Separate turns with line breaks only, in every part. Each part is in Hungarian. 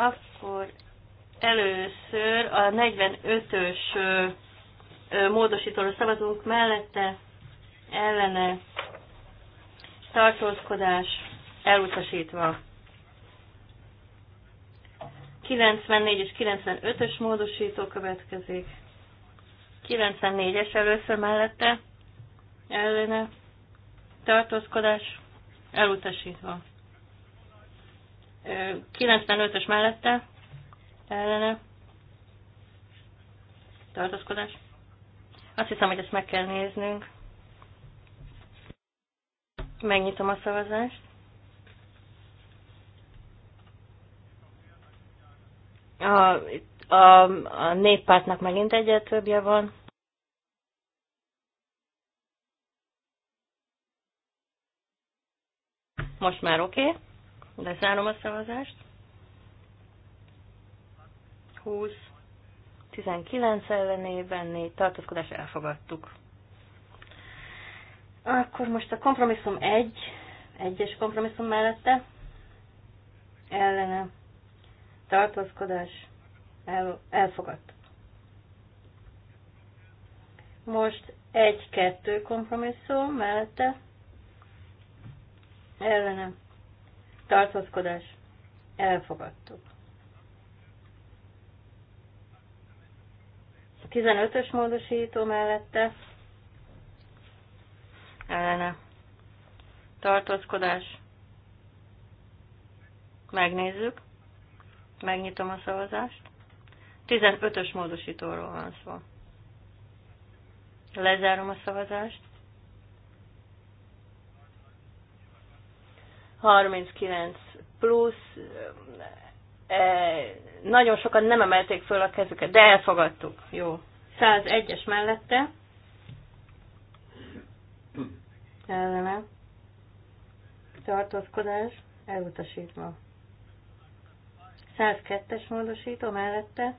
Akkor először a 45-ös módosítóra szavazunk mellette, ellene tartózkodás elutasítva. 94 és 95-ös módosító következik. 94-es először mellette ellene tartózkodás elutasítva. 95-ös mellette ellene tartózkodás. Azt hiszem, hogy ezt meg kell néznünk. Megnyitom a szavazást. A, a, a néppártnak megint egyet többje van. Most már oké. Okay. Lezárom a szavazást. 20, 19 ellenében 4 tartózkodás elfogadtuk. Akkor most a kompromisszum 1, egy, 1-es kompromisszum mellette ellene tartózkodás el, elfogadtuk. Most 1-2 kompromisszum mellette ellene tartózkodás, elfogadtuk. 15-ös módosító mellette ellene tartózkodás. Megnézzük. Megnyitom a szavazást. 15-ös módosítóról van szó. Lezárom a szavazást. 39 plusz, nagyon sokan nem emelték föl a kezüket, de elfogadtuk. Jó. 101-es mellette. Ellene. Tartózkodás elutasítva. 102-es módosító mellette.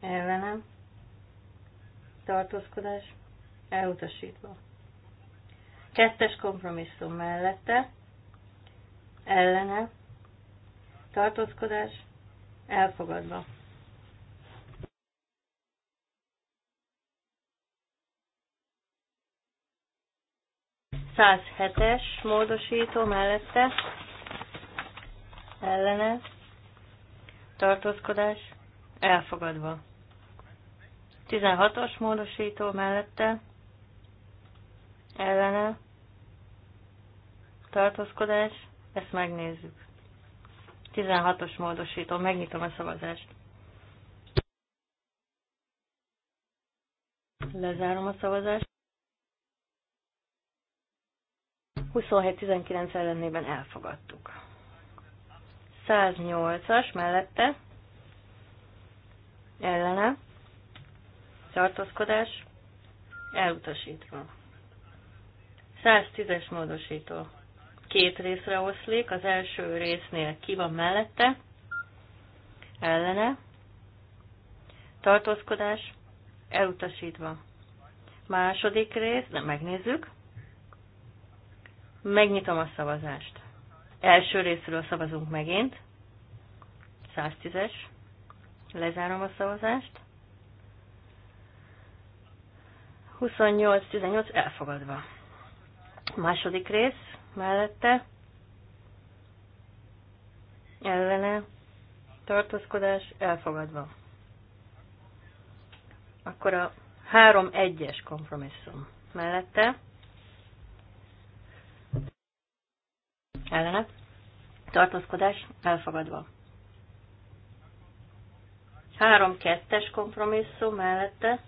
Ellene. Tartózkodás elutasítva. Kettes kompromisszum mellette, ellene, tartózkodás, elfogadva. Száz hetes módosító mellette, ellene, tartózkodás, elfogadva. 16-os módosító mellette, ellene, tartózkodás, ezt megnézzük. 16-os módosító, megnyitom a szavazást. Lezárom a szavazást. 27-19 ellenében elfogadtuk. 108-as mellette ellene tartózkodás elutasítva. 110-es módosító két részre oszlik. Az első résznél ki van mellette, ellene, tartózkodás, elutasítva. Második rész, nem megnézzük. Megnyitom a szavazást. Első részről szavazunk megint. 110-es. Lezárom a szavazást. 28-18 elfogadva. Második rész, mellette, ellene, tartózkodás elfogadva. Akkor a 3-1-es kompromisszum mellette, ellene, tartózkodás elfogadva. 3-2-es kompromisszum mellette,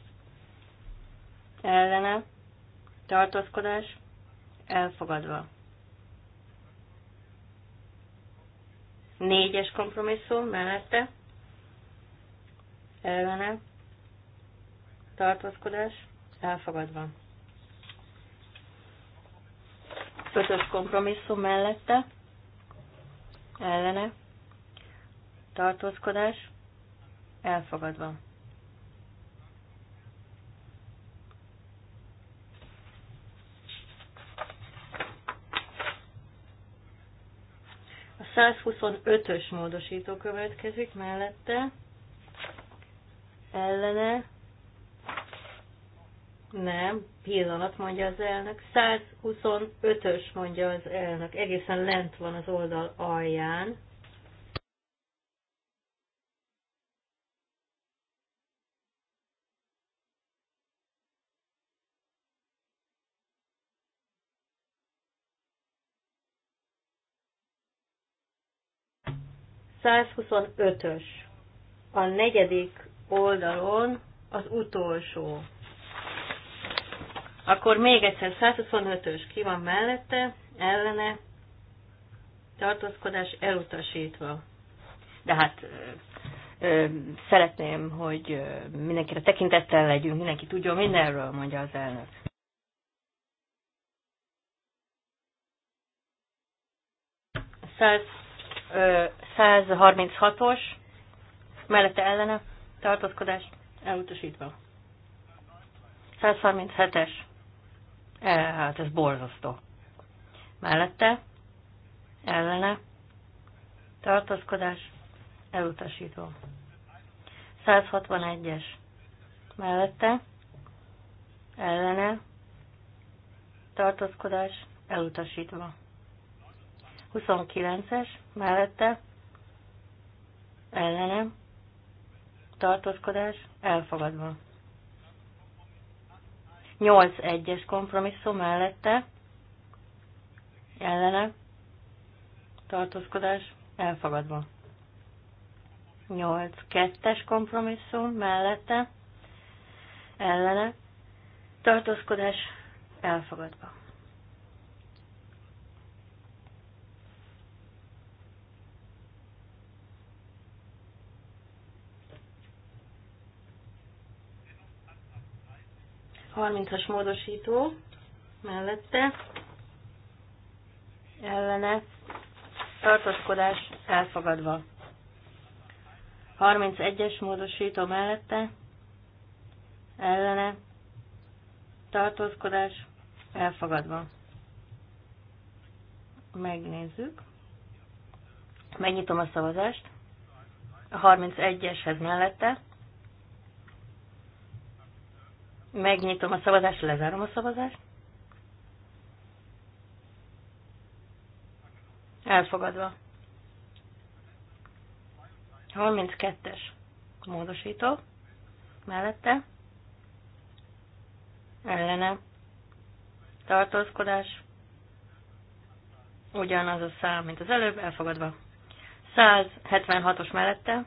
ellene, tartózkodás elfogadva. Négyes kompromisszum mellette ellene tartózkodás elfogadva. Ötös kompromisszum mellette ellene tartózkodás elfogadva. 125-ös módosító következik mellette, ellene, nem, pillanat, mondja az elnök. 125-ös, mondja az elnök. Egészen lent van az oldal alján. 125-ös. A negyedik oldalon az utolsó. Akkor még egyszer 125-ös ki van mellette, ellene, tartózkodás elutasítva. De hát ö, szeretném, hogy mindenkire tekintettel legyünk, mindenki tudjon mindenről, mondja az elnök. 136-os, mellette ellene tartózkodás elutasítva. 137-es, e, hát ez borzasztó. Mellette ellene tartózkodás elutasítva. 161-es, mellette ellene tartózkodás elutasítva. 29-es mellette ellene, tartózkodás elfogadva. 8-1-es kompromisszum mellette, ellene, tartózkodás elfogadva. 8-2-es kompromisszum mellette, ellene, tartózkodás elfogadva. 30-as módosító mellette ellene tartózkodás elfogadva. 31-es módosító mellette ellene tartózkodás elfogadva. Megnézzük. Megnyitom a szavazást. A 31-eshez mellette Megnyitom a szavazást, lezárom a szavazást. Elfogadva. 32-es módosító mellette ellene tartózkodás ugyanaz a szám, mint az előbb, elfogadva. 176-os mellette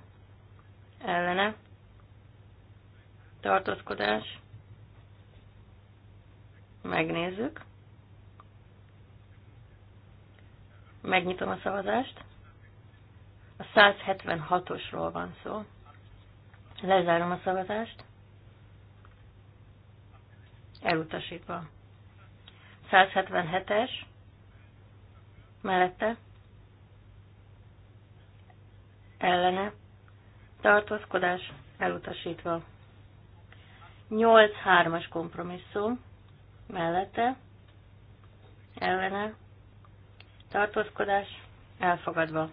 ellene tartózkodás Megnézzük. Megnyitom a szavazást. A 176-osról van szó. Lezárom a szavazást. Elutasítva. 177-es. Mellette. Ellene. Tartózkodás. Elutasítva. 8-3-as kompromisszum mellette, ellene, tartózkodás, elfogadva.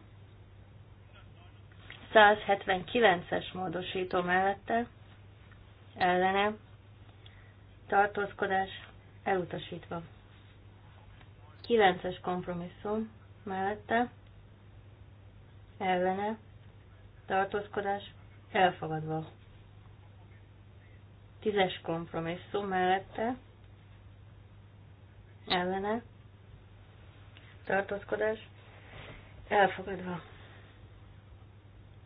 179-es módosító mellette, ellene, tartózkodás, elutasítva. 9-es kompromisszum mellette, ellene, tartózkodás, elfogadva. 10-es kompromisszum mellette, ellene, tartózkodás, elfogadva.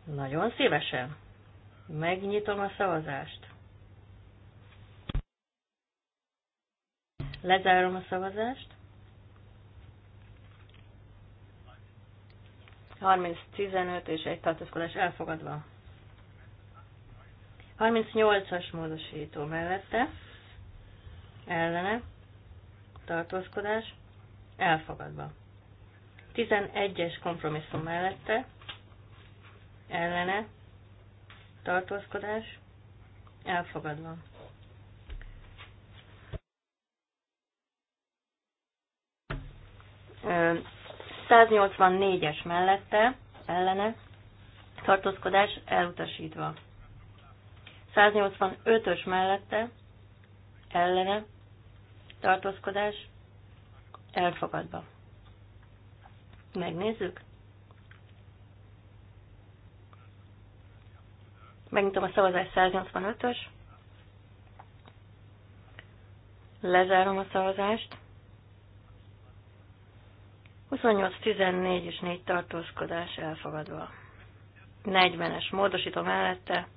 Nagyon szívesen. Megnyitom a szavazást. Lezárom a szavazást. 30-15 és egy tartózkodás elfogadva. 38-as módosító mellette, ellene, tartózkodás elfogadva. 11-es kompromisszum mellette ellene tartózkodás elfogadva. Ö, 184-es mellette ellene tartózkodás elutasítva. 185-ös mellette ellene tartózkodás elfogadva. Megnézzük. Megnyitom a szavazás 185-ös. Lezárom a szavazást. 28-14 és 4 tartózkodás elfogadva. 40-es módosítom mellette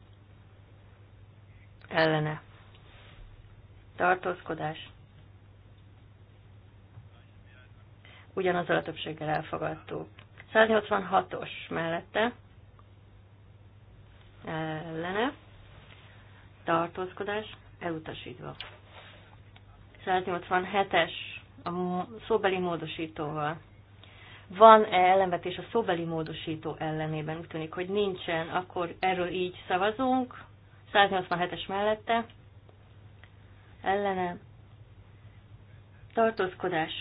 ellene. Tartózkodás ugyanazzal a többséggel elfogadtuk. 186-os mellette ellene tartózkodás elutasítva. 187-es a szóbeli módosítóval. Van-e ellenvetés a szóbeli módosító ellenében? Úgy tűnik, hogy nincsen, akkor erről így szavazunk. 187-es mellette ellene tartózkodás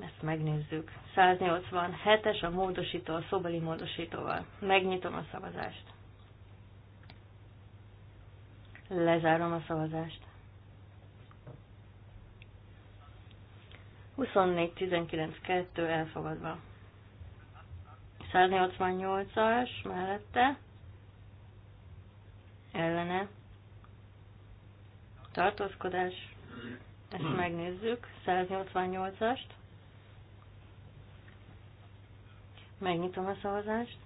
ezt megnézzük. 187-es a módosító, a szobeli módosítóval. Megnyitom a szavazást. Lezárom a szavazást. 24-19-2 elfogadva. 188-as mellette, ellene, tartózkodás, ezt megnézzük, 188-ast. Megnyitom a szavazást.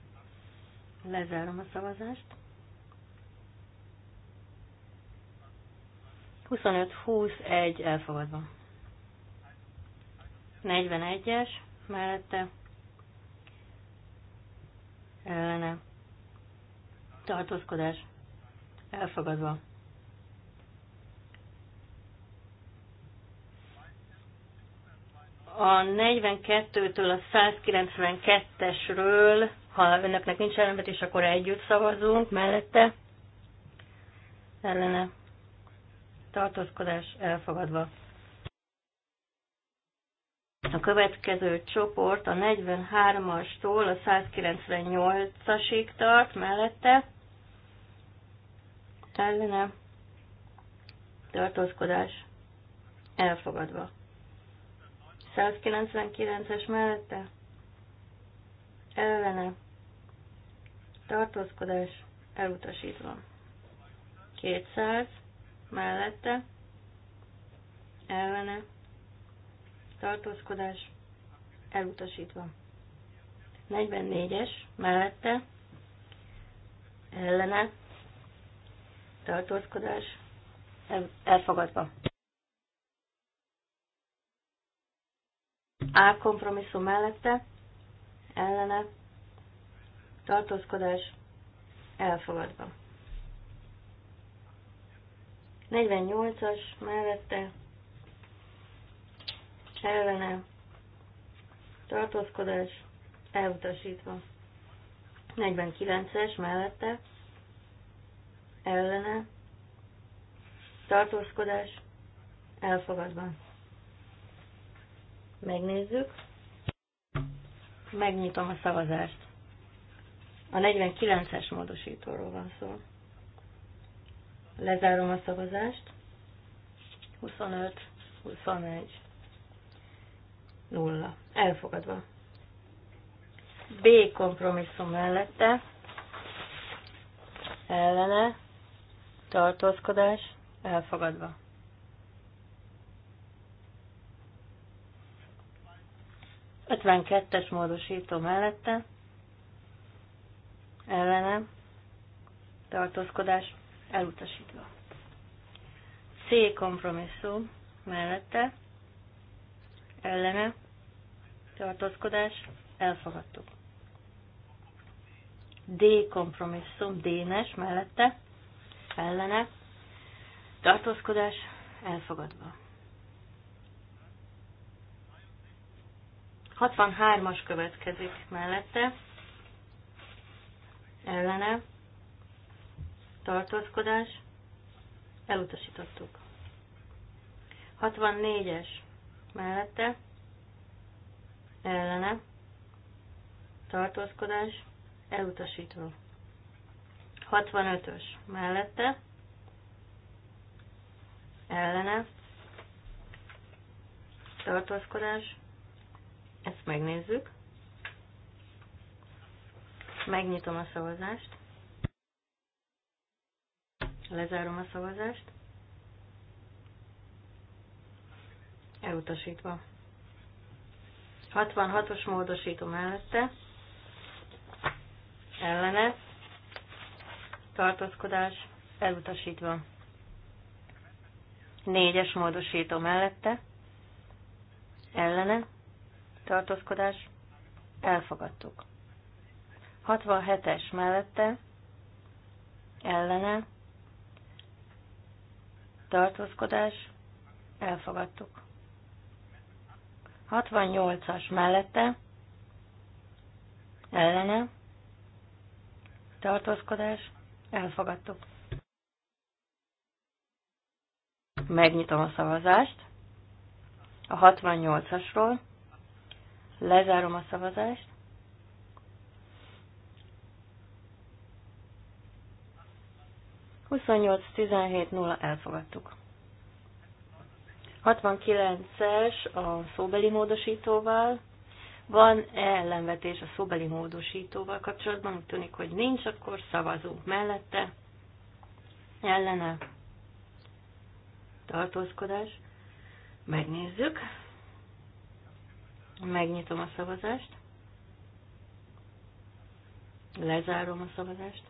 Lezárom a szavazást. 25-21 elfogadva. 41-es mellette ellene tartózkodás elfogadva. a 42-től a 192-esről, ha önöknek nincs ellenvetés, akkor együtt szavazunk mellette. Ellene. Tartózkodás elfogadva. A következő csoport a 43-astól a 198-asig tart mellette. Ellene. Tartózkodás elfogadva. 199-es mellette ellene tartózkodás elutasítva. 200 mellette ellene tartózkodás elutasítva. 44-es mellette ellene tartózkodás elfogadva. A kompromisszum mellette ellene tartózkodás elfogadva. 48-as mellette ellene tartózkodás elutasítva. 49-es mellette ellene tartózkodás elfogadva. Megnézzük. Megnyitom a szavazást. A 49-es módosítóról van szó. Lezárom a szavazást. 25, 21, 0. Elfogadva. B kompromisszum mellette ellene tartózkodás elfogadva. 52-es módosító mellette ellene tartózkodás elutasítva. C kompromisszum mellette ellene tartózkodás elfogadtuk. D kompromisszum dénes mellette ellene tartózkodás elfogadva. 63-as következik mellette, ellene, tartózkodás, elutasítottuk. 64-es mellette, ellene, tartózkodás, elutasítva. 65-ös mellette, ellene, tartózkodás, ezt megnézzük. Megnyitom a szavazást. Lezárom a szavazást. Elutasítva. 66-os módosító mellette. Ellene. Tartózkodás. Elutasítva. 4-es módosító mellette. Ellene tartózkodás, elfogadtuk. 67-es mellette, ellene, tartózkodás, elfogadtuk. 68-as mellette, ellene, tartózkodás, elfogadtuk. Megnyitom a szavazást a 68-asról. Lezárom a szavazást. Huszonnyolc, tizenhét, nulla, elfogadtuk. 69-es a szóbeli módosítóval. Van -e ellenvetés a szóbeli módosítóval kapcsolatban? Úgy tűnik, hogy nincs, akkor szavazunk mellette. Ellene. Tartózkodás. Megnézzük. Megnyitom a szavazást. Lezárom a szavazást.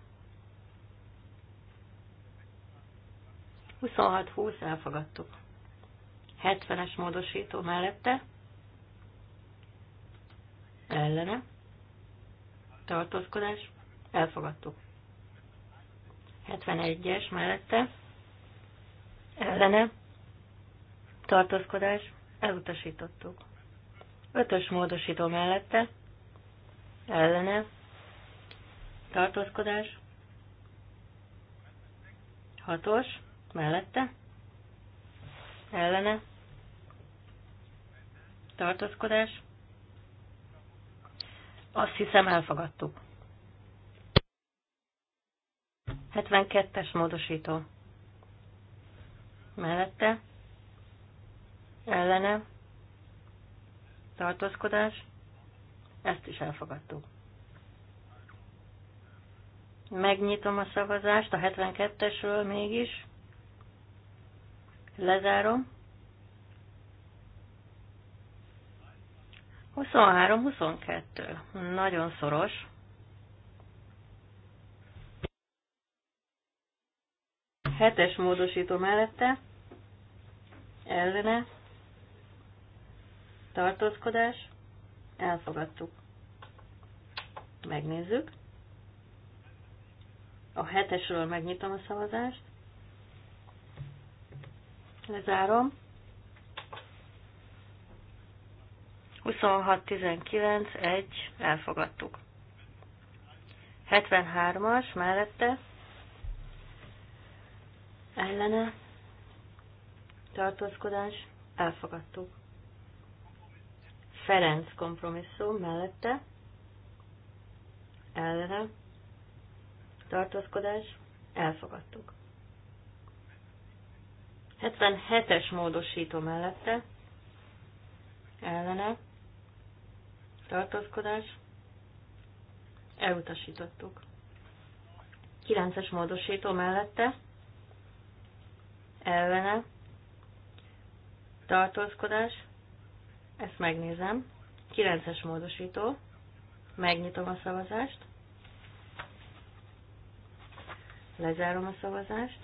26-20 elfogadtuk. 70-es módosító mellette. Ellene. Tartózkodás. Elfogadtuk. 71-es mellette. Ellene. Tartózkodás. Elutasítottuk. Ötös módosító mellette, ellene, tartózkodás, hatos, mellette, ellene, tartózkodás, azt hiszem elfogadtuk. 72-es módosító. Mellette, ellene, tartózkodás, ezt is elfogadtuk. Megnyitom a szavazást a 72-esről mégis. Lezárom. 23-22. Nagyon szoros. Hetes módosító mellette. Ellene tartózkodás, elfogadtuk. Megnézzük. A hetesről megnyitom a szavazást. Lezárom. 26-19, 1, elfogadtuk. 73-as mellette ellene tartózkodás elfogadtuk. Ferenc kompromisszum mellette ellene tartózkodás elfogadtuk. 77-es módosító mellette ellene tartózkodás elutasítottuk. 9-es módosító mellette ellene tartózkodás ezt megnézem. 9-es módosító. Megnyitom a szavazást. Lezárom a szavazást.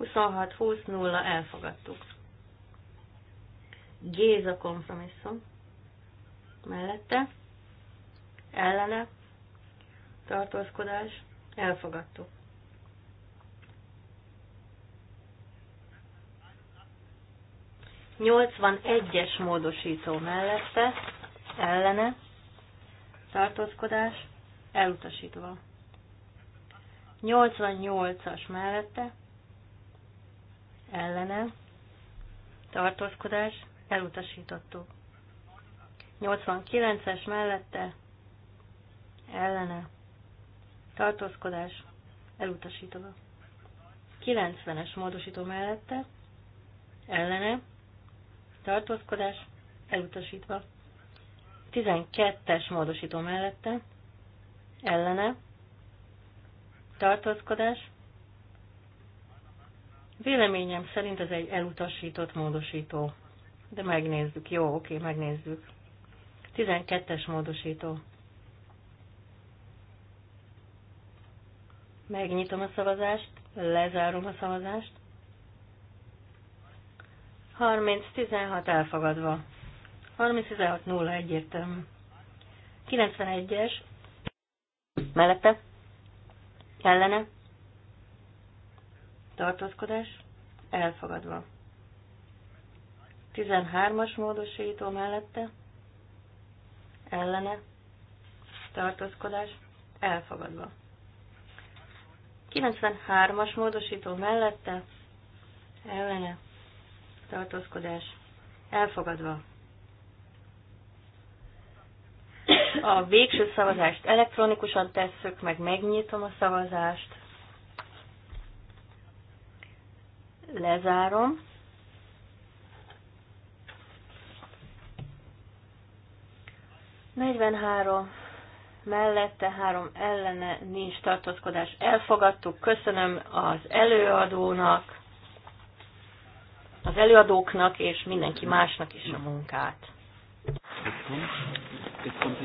26-20-0 elfogadtuk. Géza kompromisszum. Mellette. Ellene. Tartózkodás. Elfogadtuk. 81-es módosító mellette, ellene, tartózkodás, elutasítva. 88-as mellette, ellene, tartózkodás, elutasítottuk. 89-es mellette, ellene, tartózkodás, elutasítva. 90-es módosító mellette, ellene, tartózkodás elutasítva. 12-es módosító mellette ellene tartózkodás. Véleményem szerint ez egy elutasított módosító. De megnézzük. Jó, oké, megnézzük. 12-es módosító. Megnyitom a szavazást, lezárom a szavazást. 30-16 elfogadva. 30-16-0 egyértelmű. 91-es. Mellette. Kellene. Tartózkodás. Elfogadva. 13-as módosító mellette. Ellene. Tartózkodás. Elfogadva. 93-as módosító mellette. Ellene tartózkodás elfogadva. A végső szavazást elektronikusan tesszük, meg megnyitom a szavazást. Lezárom. Negyvenhárom mellette, három ellene nincs tartózkodás. Elfogadtuk, köszönöm az előadónak az előadóknak és mindenki másnak is a munkát.
die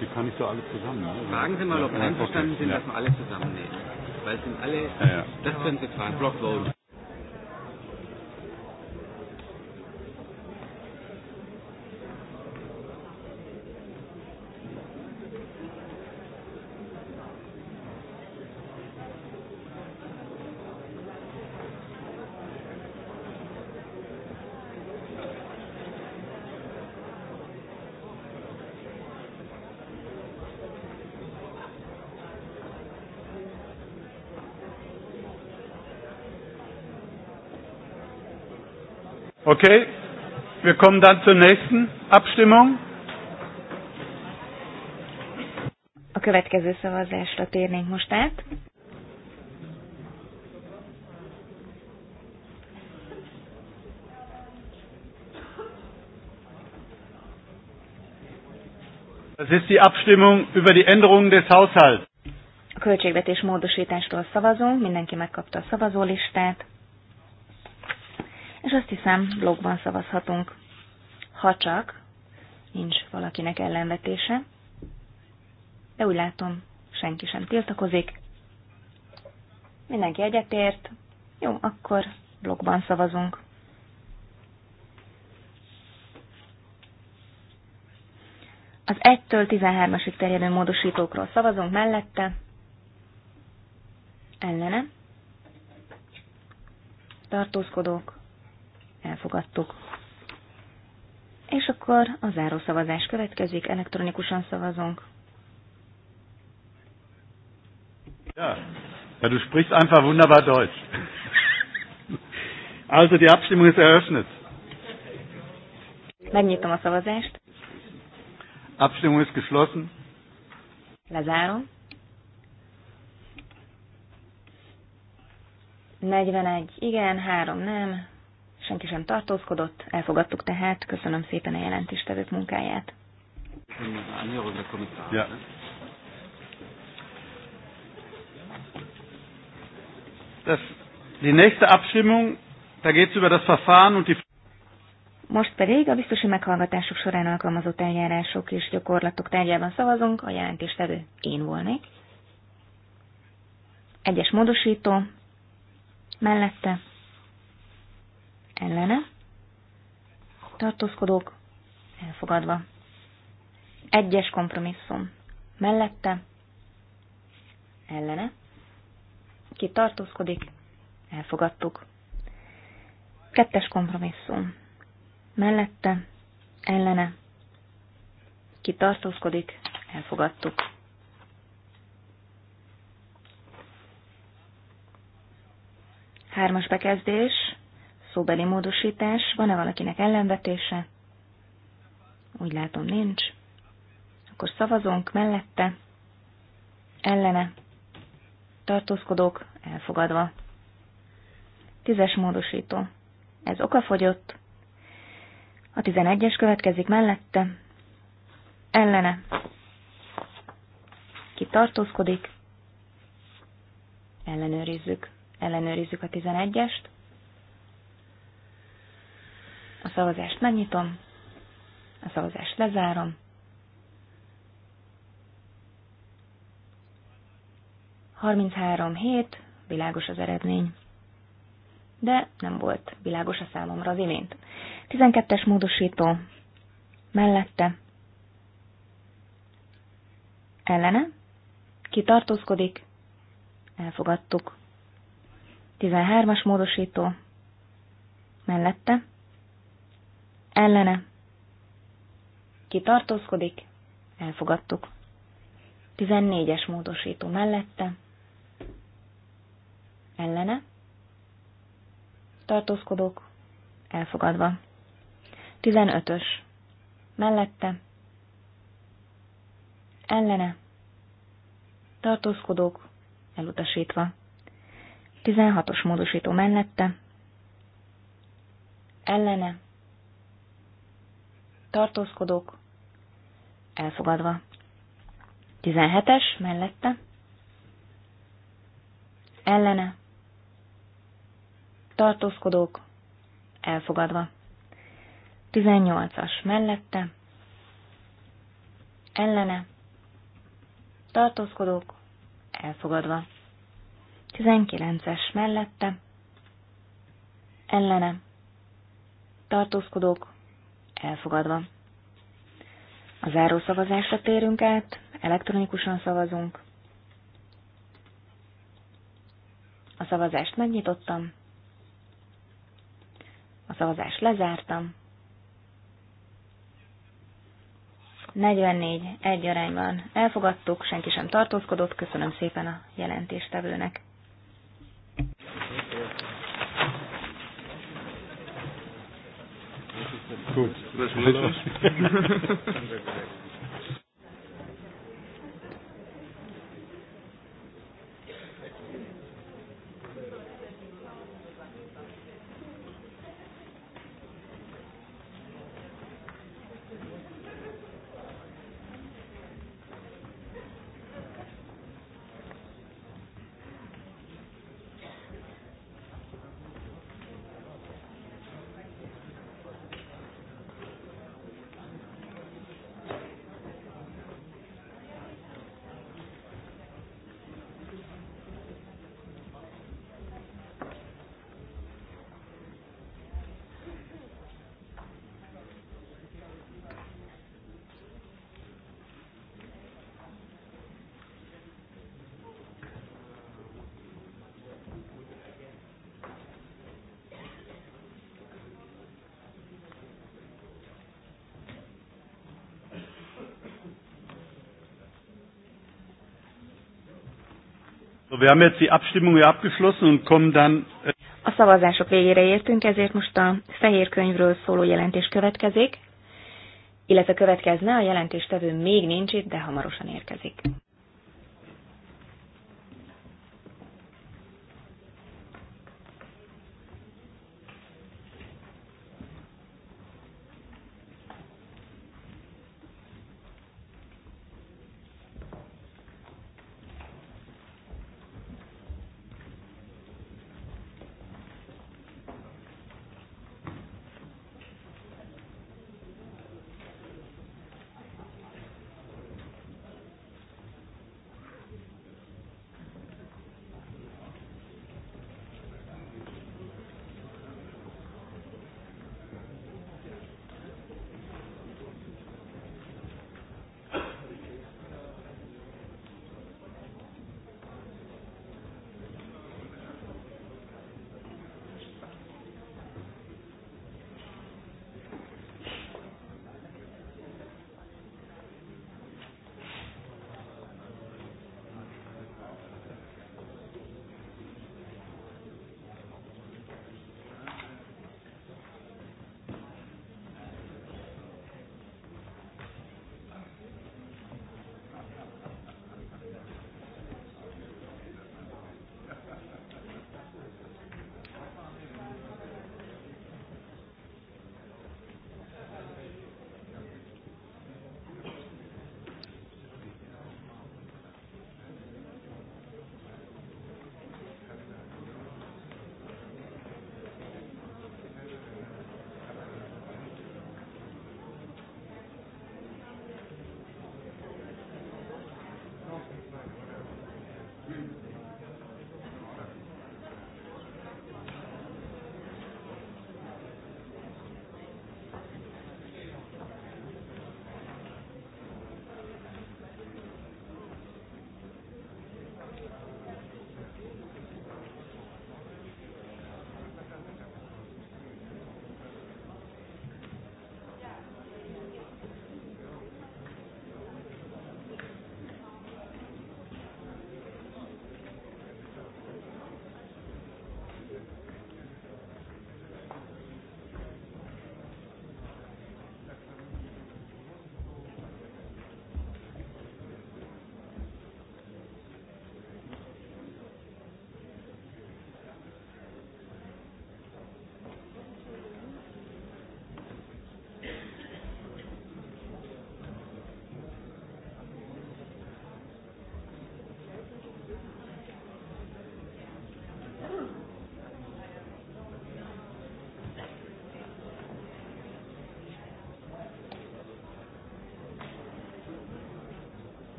die kann ich so alle zusammen. Ne? Fragen Sie mal, ob ja, einverstanden sind, ja. dass wir alle zusammennehmen.
Weil es sind alle, ja, ja. das können Sie fragen, Block
Okay, wir kommen dann zur nächsten
Abstimmung. A következő szavazásra térnénk most át.
Das ist die Abstimmung über die Änderung des Haushalts.
A költségvetés módosítástól szavazunk, mindenki megkapta a szavazólistát és azt hiszem, blogban szavazhatunk, ha csak nincs valakinek ellenvetése, de úgy látom, senki sem tiltakozik. Mindenki egyetért, jó, akkor blogban szavazunk. Az 1-től 13-asig terjedő módosítókról szavazunk mellette, ellene, tartózkodók, elfogadtuk. És akkor a záró szavazás következik, elektronikusan szavazunk.
Ja, ja du sprichst einfach wunderbar Deutsch. Also die Abstimmung ist eröffnet.
Megnyitom a szavazást.
Abstimmung ist geschlossen.
Lezárom. 41 igen, 3 nem, senki sem tartózkodott, elfogadtuk tehát, köszönöm szépen a jelentéstevők munkáját.
Ja. Das, die nächste Abstimmung, da geht's über das Verfahren und die
most pedig a biztosi meghallgatások során alkalmazott eljárások és gyakorlatok tárgyában szavazunk, a jelentéstevő én volnék. Egyes módosító, mellette, ellene, tartózkodók elfogadva. Egyes kompromisszum mellette, ellene, ki tartózkodik, elfogadtuk. Kettes kompromisszum mellette, ellene, ki tartózkodik, elfogadtuk. Hármas bekezdés, szóbeli módosítás. Van-e valakinek ellenvetése? Úgy látom, nincs. Akkor szavazunk mellette, ellene, tartózkodók, elfogadva. Tízes módosító. Ez okafogyott. A tizenegyes következik mellette, ellene. Ki tartózkodik, ellenőrizzük. Ellenőrizzük a tizenegyest. A szavazást megnyitom, a szavazást lezárom. Harminchárom hét, világos az eredmény. De nem volt világos a számomra az imént. 12-es módosító mellette ellene, ki elfogadtuk. 13-as módosító mellette ellene, ki tartózkodik, elfogadtuk. 14-es módosító mellette, ellene, Tartózkodok. elfogadva. 15-ös mellette, ellene, tartózkodók, elutasítva. 16-os módosító mellette, ellene, tartózkodók, elfogadva. 17-es mellette, ellene, tartózkodók, elfogadva. 18-as mellette, ellene, tartózkodók, elfogadva. 19-es mellette, ellene, tartózkodók, elfogadva. A zárószavazásra térünk át, elektronikusan szavazunk. A szavazást megnyitottam, a szavazást lezártam. 44 egy arányban elfogadtuk, senki sem tartózkodott, köszönöm szépen a jelentéstevőnek.
Gut. Das
wir haben jetzt die Abstimmung abgeschlossen und kommen dann... Äh,
a szavazások végére értünk, ezért most a fehér könyvről szóló jelentés következik, illetve következne, a jelentéstevő még nincs itt, de hamarosan érkezik.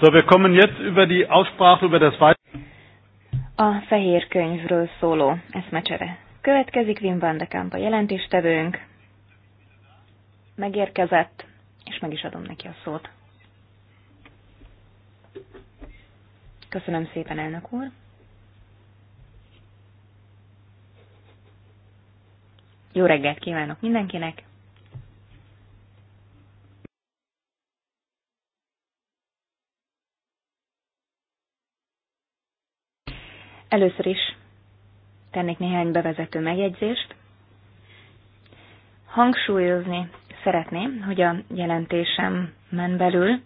So, wir kommen jetzt über die Aussprache über das
A fehér könyvről szóló eszmecsere. Következik Wim van de Kamp a jelentéstevőnk. Megérkezett, és meg is adom neki a szót. Köszönöm szépen, elnök úr. Jó reggelt kívánok mindenkinek! Először is tennék néhány bevezető megjegyzést. Hangsúlyozni szeretném, hogy a jelentésem men belül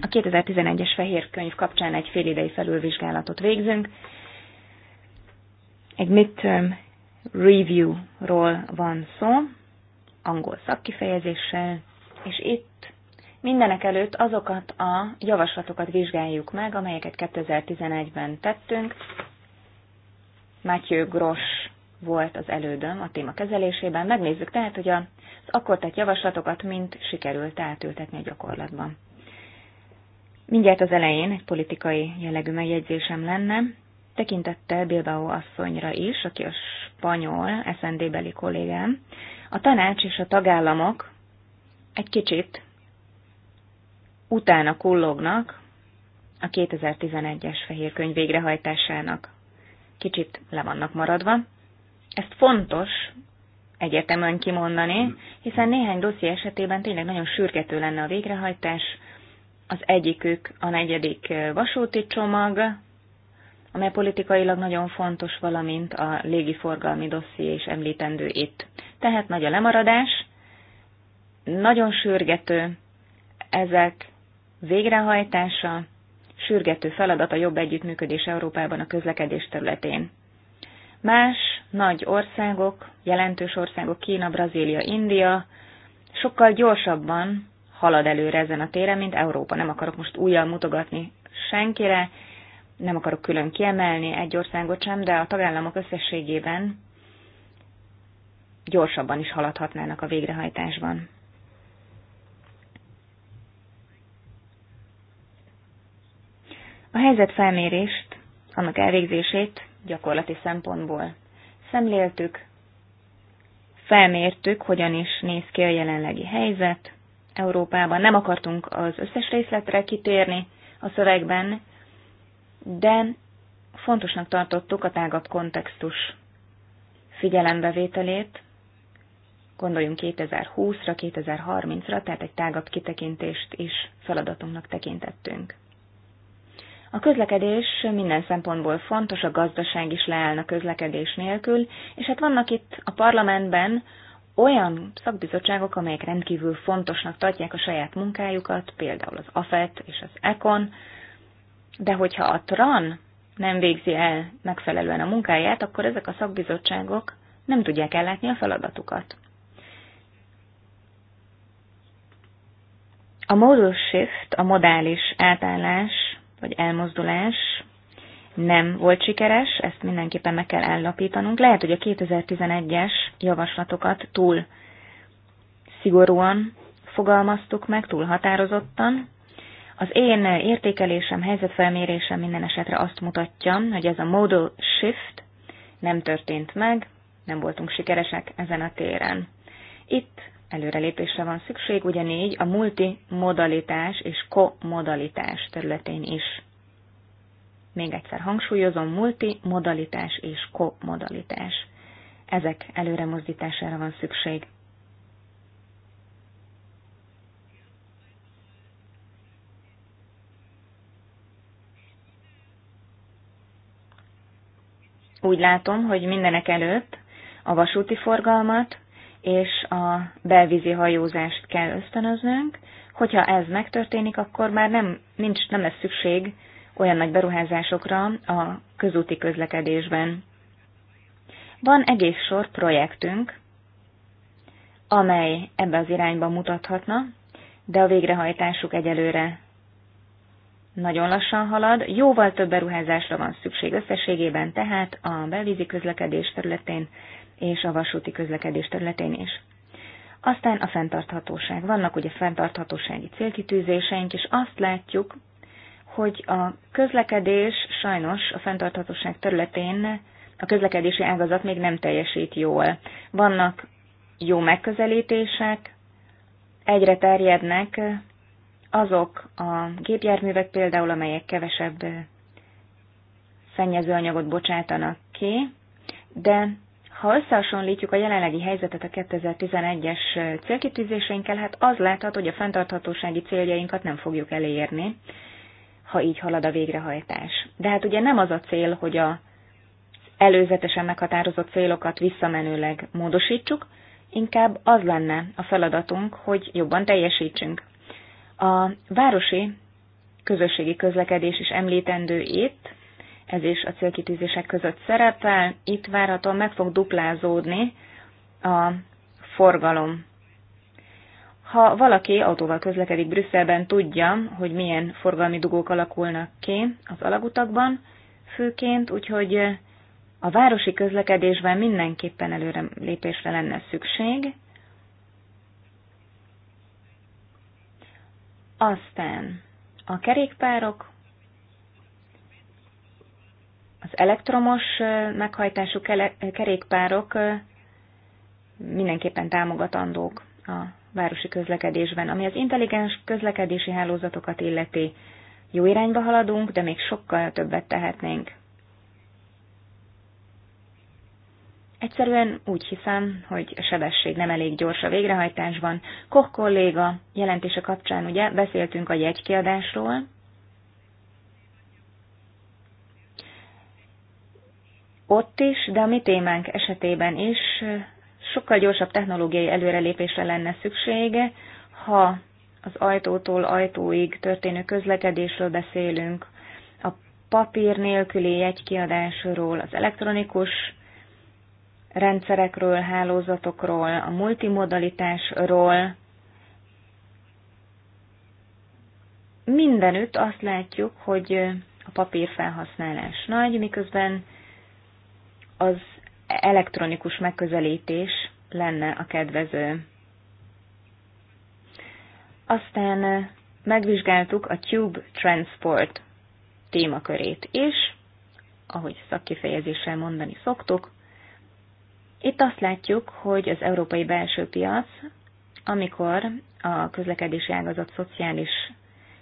a 2011-es fehér könyv kapcsán egy félidei felülvizsgálatot végzünk. Egy midterm review-ról van szó, angol szakkifejezéssel, és itt Mindenek előtt azokat a javaslatokat vizsgáljuk meg, amelyeket 2011-ben tettünk. Mátyő Gros volt az elődöm a téma kezelésében. Megnézzük tehát, hogy az akkor tett javaslatokat mind sikerült átültetni a gyakorlatban. Mindjárt az elején egy politikai jellegű megjegyzésem lenne, tekintettel Bilbao asszonyra is, aki a spanyol SND-beli kollégám. A tanács és a tagállamok egy kicsit utána kullognak a 2011-es fehér könyv végrehajtásának. Kicsit le vannak maradva. Ezt fontos egyértelműen kimondani, hmm. hiszen néhány dosszi esetében tényleg nagyon sürgető lenne a végrehajtás. Az egyikük a negyedik eh, vasúti csomag, amely politikailag nagyon fontos, valamint a légiforgalmi dosszié és említendő itt. Tehát nagy a lemaradás, nagyon sürgető, ezek végrehajtása, sürgető feladat a jobb együttműködés Európában a közlekedés területén. Más nagy országok, jelentős országok Kína, Brazília, India sokkal gyorsabban halad előre ezen a téren, mint Európa. Nem akarok most újjal mutogatni senkire, nem akarok külön kiemelni egy országot sem, de a tagállamok összességében gyorsabban is haladhatnának a végrehajtásban. a helyzetfelmérést, annak elvégzését gyakorlati szempontból szemléltük, felmértük, hogyan is néz ki a jelenlegi helyzet Európában. Nem akartunk az összes részletre kitérni a szövegben, de fontosnak tartottuk a tágabb kontextus figyelembevételét, gondoljunk 2020-ra, 2030-ra, tehát egy tágabb kitekintést is feladatunknak tekintettünk. A közlekedés minden szempontból fontos, a gazdaság is leállna közlekedés nélkül, és hát vannak itt a parlamentben olyan szakbizottságok, amelyek rendkívül fontosnak tartják a saját munkájukat, például az AFET és az ECON, de hogyha a TRAN nem végzi el megfelelően a munkáját, akkor ezek a szakbizottságok nem tudják ellátni a feladatukat. A modal shift, a modális átállás vagy elmozdulás nem volt sikeres, ezt mindenképpen meg kell állapítanunk. Lehet, hogy a 2011-es javaslatokat túl szigorúan fogalmaztuk meg, túl határozottan. Az én értékelésem, helyzetfelmérésem minden esetre azt mutatja, hogy ez a modal shift nem történt meg, nem voltunk sikeresek ezen a téren. Itt előrelépésre van szükség, ugyanígy a multimodalitás és komodalitás területén is. Még egyszer hangsúlyozom, multimodalitás és komodalitás. Ezek előremozdítására van szükség. Úgy látom, hogy mindenek előtt a vasúti forgalmat, és a belvízi hajózást kell ösztönöznünk. Hogyha ez megtörténik, akkor már nem, nincs, nem lesz szükség olyan nagy beruházásokra a közúti közlekedésben. Van egész sor projektünk, amely ebbe az irányba mutathatna, de a végrehajtásuk egyelőre nagyon lassan halad, jóval több beruházásra van szükség összességében, tehát a belvízi közlekedés területén és a vasúti közlekedés területén is. Aztán a fenntarthatóság. Vannak ugye fenntarthatósági célkitűzéseink, és azt látjuk, hogy a közlekedés sajnos a fenntarthatóság területén a közlekedési ágazat még nem teljesít jól. Vannak jó megközelítések, egyre terjednek azok a gépjárművek például, amelyek kevesebb szennyezőanyagot bocsátanak ki, de ha összehasonlítjuk a jelenlegi helyzetet a 2011-es célkitűzéseinkkel, hát az láthat, hogy a fenntarthatósági céljainkat nem fogjuk elérni, ha így halad a végrehajtás. De hát ugye nem az a cél, hogy a előzetesen meghatározott célokat visszamenőleg módosítsuk, inkább az lenne a feladatunk, hogy jobban teljesítsünk. A városi közösségi közlekedés is említendő itt, ez is a célkitűzések között szerepel. Itt várhatóan meg fog duplázódni a forgalom. Ha valaki autóval közlekedik Brüsszelben, tudja, hogy milyen forgalmi dugók alakulnak ki az alagutakban, főként, úgyhogy a városi közlekedésben mindenképpen előre lépésre lenne szükség. Aztán a kerékpárok az elektromos meghajtású kerékpárok mindenképpen támogatandók a városi közlekedésben. Ami az intelligens közlekedési hálózatokat illeti, jó irányba haladunk, de még sokkal többet tehetnénk. Egyszerűen úgy hiszem, hogy a sebesség nem elég gyors a végrehajtásban. Koch kolléga jelentése kapcsán ugye beszéltünk a jegykiadásról, ott is, de a mi témánk esetében is sokkal gyorsabb technológiai előrelépésre lenne szüksége, ha az ajtótól ajtóig történő közlekedésről beszélünk, a papír nélküli jegykiadásról, az elektronikus rendszerekről, hálózatokról, a multimodalitásról. Mindenütt azt látjuk, hogy a papír felhasználás nagy, miközben az elektronikus megközelítés lenne a kedvező. Aztán eh, megvizsgáltuk a Tube Transport témakörét is, ahogy szakkifejezéssel mondani szoktuk. Itt azt látjuk, hogy az európai belső piac, amikor a közlekedési ágazat szociális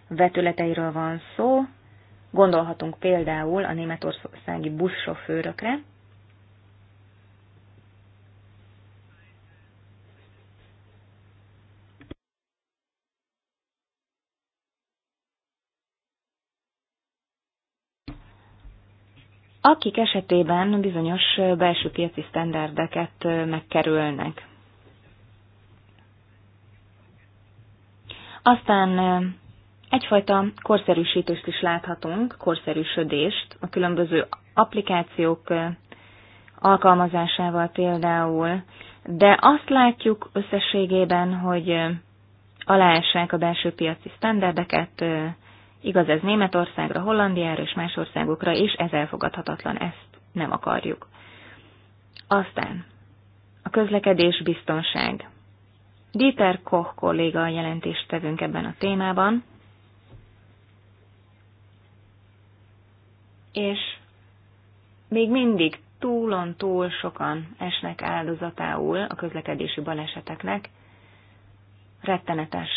vetületeiről van szó, gondolhatunk például a németországi buszsofőrökre, akik esetében bizonyos belső piaci sztenderdeket megkerülnek. Aztán egyfajta korszerűsítést is láthatunk, korszerűsödést a különböző applikációk alkalmazásával például, de azt látjuk összességében, hogy aláessák a belső piaci sztenderdeket, Igaz ez Németországra, Hollandiára és más országokra, és ez elfogadhatatlan, ezt nem akarjuk. Aztán a közlekedés biztonság. Dieter Koch kolléga a jelentést tevünk ebben a témában, és még mindig túlon túl sokan esnek áldozatául a közlekedési baleseteknek. Rettenetes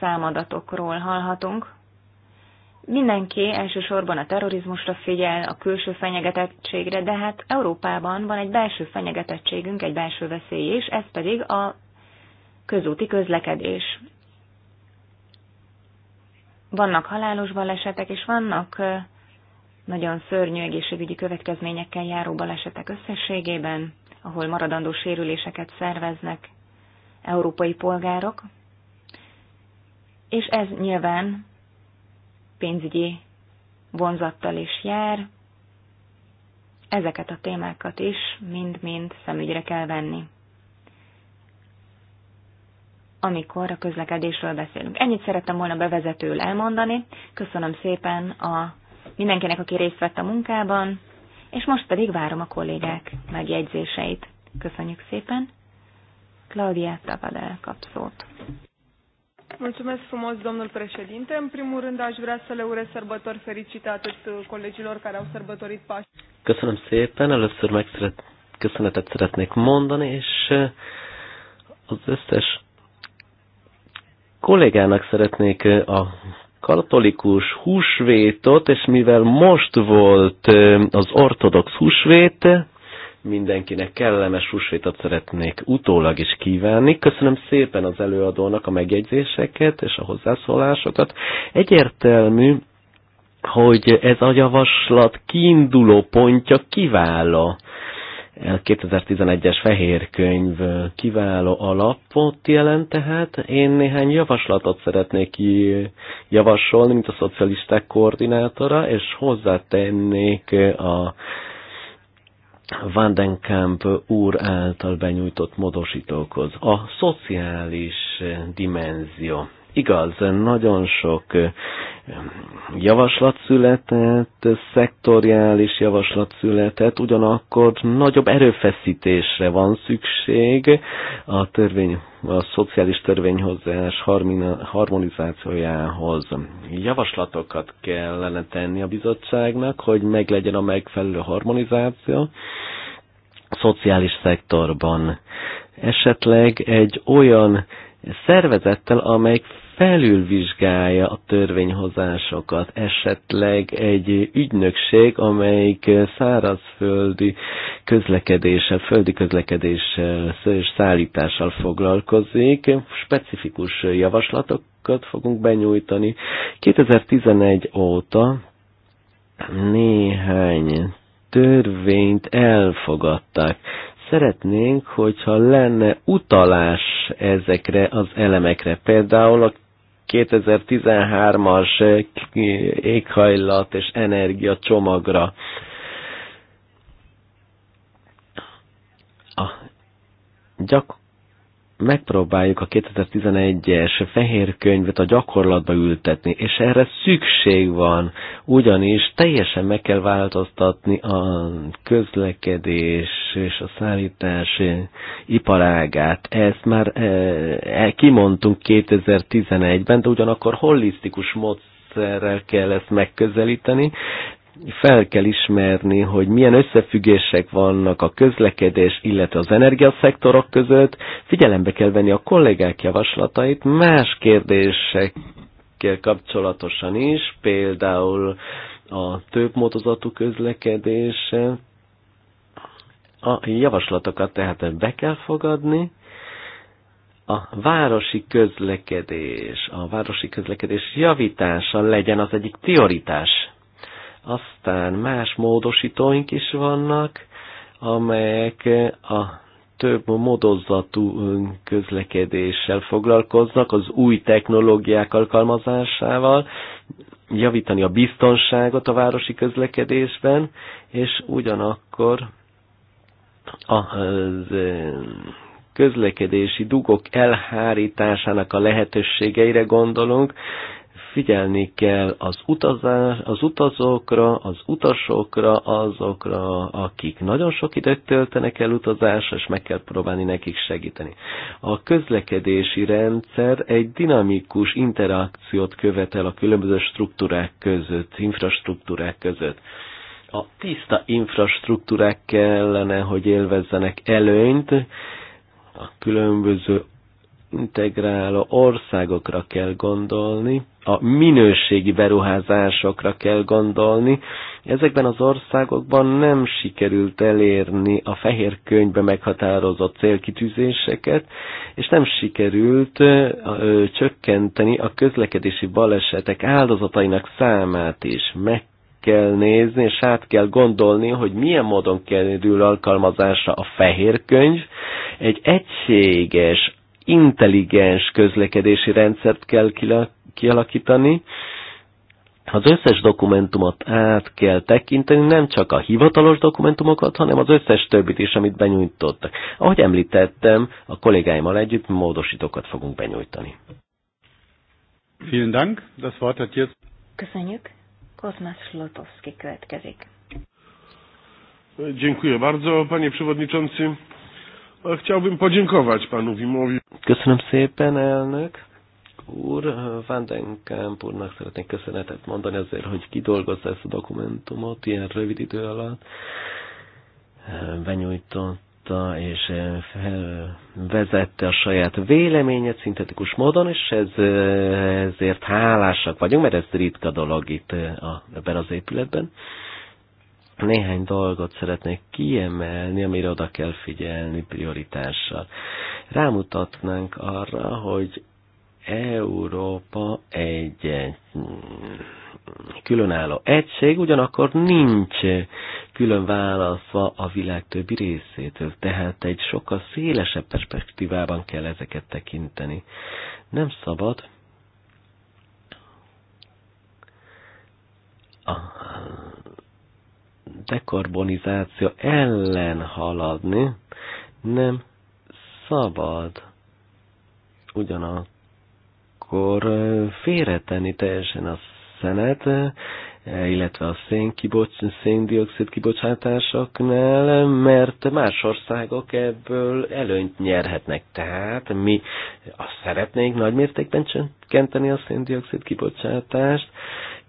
számadatokról hallhatunk. Mindenki elsősorban a terrorizmusra figyel, a külső fenyegetettségre, de hát Európában van egy belső fenyegetettségünk, egy belső veszély is, ez pedig a közúti közlekedés. Vannak halálos balesetek, és vannak nagyon szörnyű egészségügyi következményekkel járó balesetek összességében, ahol maradandó sérüléseket szerveznek európai polgárok, és ez nyilván pénzügyi vonzattal is jár. Ezeket a témákat is mind-mind szemügyre kell venni, amikor a közlekedésről beszélünk. Ennyit szerettem volna bevezetőül elmondani. Köszönöm szépen a mindenkinek, aki részt vett a munkában, és most pedig várom a kollégák megjegyzéseit. Köszönjük szépen! Claudia Tapadel
kapszót.
Mulțumesc frumos, domnul președinte. În primul rând, aș vrea să le urez sărbători fericite atât uh, colegilor care au sărbătorit Paști.
Köszönöm szépen, először meg szeret, köszönetet szeretnék mondani, és uh, az összes kollégának szeretnék uh, a katolikus húsvétot, és mivel most volt az ortodox húsvét, mindenkinek kellemes susvétat szeretnék utólag is kívánni. Köszönöm szépen az előadónak a megjegyzéseket és a hozzászólásokat. Egyértelmű, hogy ez a javaslat kiinduló pontja kiváló. 2011-es fehér könyv kiváló alapot jelent tehát. Én néhány javaslatot szeretnék javasolni, mint a szocialisták koordinátora, és hozzátennék a Vandenkamp úr által benyújtott módosítókhoz. A szociális dimenzió igaz, nagyon sok javaslat született, szektoriális javaslat született, ugyanakkor nagyobb erőfeszítésre van szükség a törvény, a szociális törvényhozás harmonizációjához. Javaslatokat kellene tenni a bizottságnak, hogy meglegyen a megfelelő harmonizáció a szociális szektorban. Esetleg egy olyan szervezettel, amelyik felülvizsgálja a törvényhozásokat. Esetleg egy ügynökség, amelyik szárazföldi közlekedéssel, földi közlekedéssel és szállítással foglalkozik, specifikus javaslatokat fogunk benyújtani. 2011 óta néhány törvényt elfogadtak szeretnénk, hogyha lenne utalás ezekre az elemekre. Például a 2013-as éghajlat és energia csomagra. A gyakor- megpróbáljuk a 2011-es fehér könyvet a gyakorlatba ültetni, és erre szükség van, ugyanis teljesen meg kell változtatni a közlekedés és a szállítás iparágát. Ezt már e, e kimondtunk 2011-ben, de ugyanakkor holisztikus módszerrel kell ezt megközelíteni, fel kell ismerni, hogy milyen összefüggések vannak a közlekedés, illetve az energiaszektorok között. Figyelembe kell venni a kollégák javaslatait más kérdésekkel kapcsolatosan is, például a több motozatú közlekedés. A javaslatokat tehát be kell fogadni, a városi közlekedés, a városi közlekedés javítása legyen az egyik prioritás aztán más módosítóink is vannak, amelyek a több modozatú közlekedéssel foglalkoznak, az új technológiák alkalmazásával, javítani a biztonságot a városi közlekedésben, és ugyanakkor a közlekedési dugok elhárításának a lehetőségeire gondolunk, figyelni kell az, utazás, az utazókra, az utasokra, azokra, akik nagyon sok időt töltenek el utazásra, és meg kell próbálni nekik segíteni. A közlekedési rendszer egy dinamikus interakciót követel a különböző struktúrák között, infrastruktúrák között a tiszta infrastruktúrák kellene, hogy élvezzenek előnyt, a különböző integráló országokra kell gondolni, a minőségi beruházásokra kell gondolni. Ezekben az országokban nem sikerült elérni a fehér könyvbe meghatározott célkitűzéseket, és nem sikerült csökkenteni a közlekedési balesetek áldozatainak számát is. Meg kell nézni, és át kell gondolni, hogy milyen módon kerül alkalmazásra a fehér könyv. Egy egységes, intelligens közlekedési rendszert kell kialakítani. Az összes dokumentumot át kell tekinteni, nem csak a hivatalos dokumentumokat, hanem az összes többit is, amit benyújtottak. Ahogy említettem, a kollégáimmal együtt módosítókat fogunk benyújtani.
Vielen Dank. Das Wort hat jetzt.
Köszönjük. Kozmas Lotowski következik.
Dziękuję
bardzo, panie przewodniczący. Chciałbym podziękować panu Wimowi. Köszönöm szépen, elnök úr. Van den Kamp úrnak szeretnék köszönetet mondani azért, hogy kidolgozza ezt a dokumentumot ilyen rövid idő alatt. benyújtotta és vezette a saját véleményet szintetikus módon, és ez, ezért hálásak vagyunk, mert ez ritka dolog itt eh, a, ebben az épületben. Néhány dolgot szeretnék kiemelni, amire oda kell figyelni prioritással. Rámutatnánk arra, hogy Európa egy különálló egység, ugyanakkor nincs külön választva a világ többi részétől, tehát egy sokkal szélesebb perspektívában kell ezeket tekinteni. Nem szabad a dekarbonizáció ellen haladni, nem szabad ugyanakkor akkor félretenni teljesen a szenet, illetve a szénkibocs, széndiokszid kibocsátásoknál, mert más országok ebből előnyt nyerhetnek. Tehát mi azt szeretnénk nagymértékben csökkenteni a széndiokszid kibocsátást,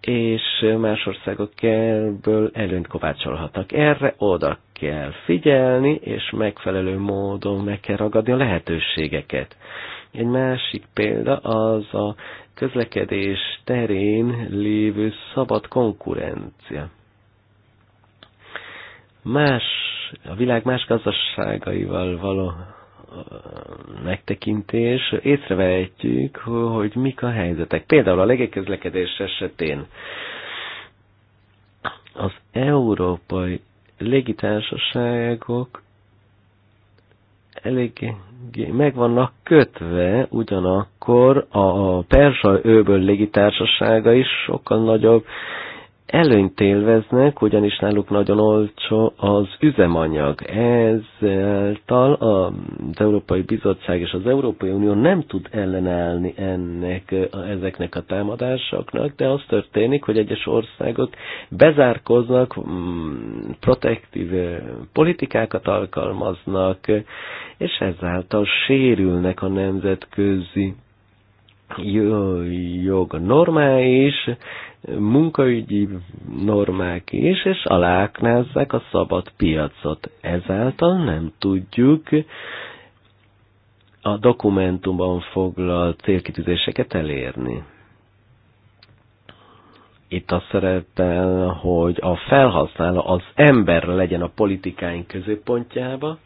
és más országok ebből előnyt kovácsolhatnak. Erre oda kell figyelni, és megfelelő módon meg kell ragadni a lehetőségeket. Egy másik példa az a közlekedés terén lévő szabad konkurencia. Más, a világ más gazdaságaival való megtekintés, észrevehetjük, hogy mik a helyzetek. Például a legeközlekedés esetén az európai légitársaságok eléggé meg vannak kötve, ugyanakkor a Persa öböl légitársasága is sokkal nagyobb előnyt élveznek, ugyanis náluk nagyon olcsó az üzemanyag. Ezáltal az Európai Bizottság és az Európai Unió nem tud ellenállni ennek, ezeknek a támadásoknak, de az történik, hogy egyes országok bezárkoznak, mm, protektív eh, politikákat alkalmaznak, és ezáltal sérülnek a nemzetközi jog normái is, munkaügyi normák is, és aláknázzák a szabad piacot. Ezáltal nem tudjuk a dokumentumban foglalt célkitűzéseket elérni. Itt azt szeretem, hogy a felhasználó az ember legyen a politikáink középpontjába,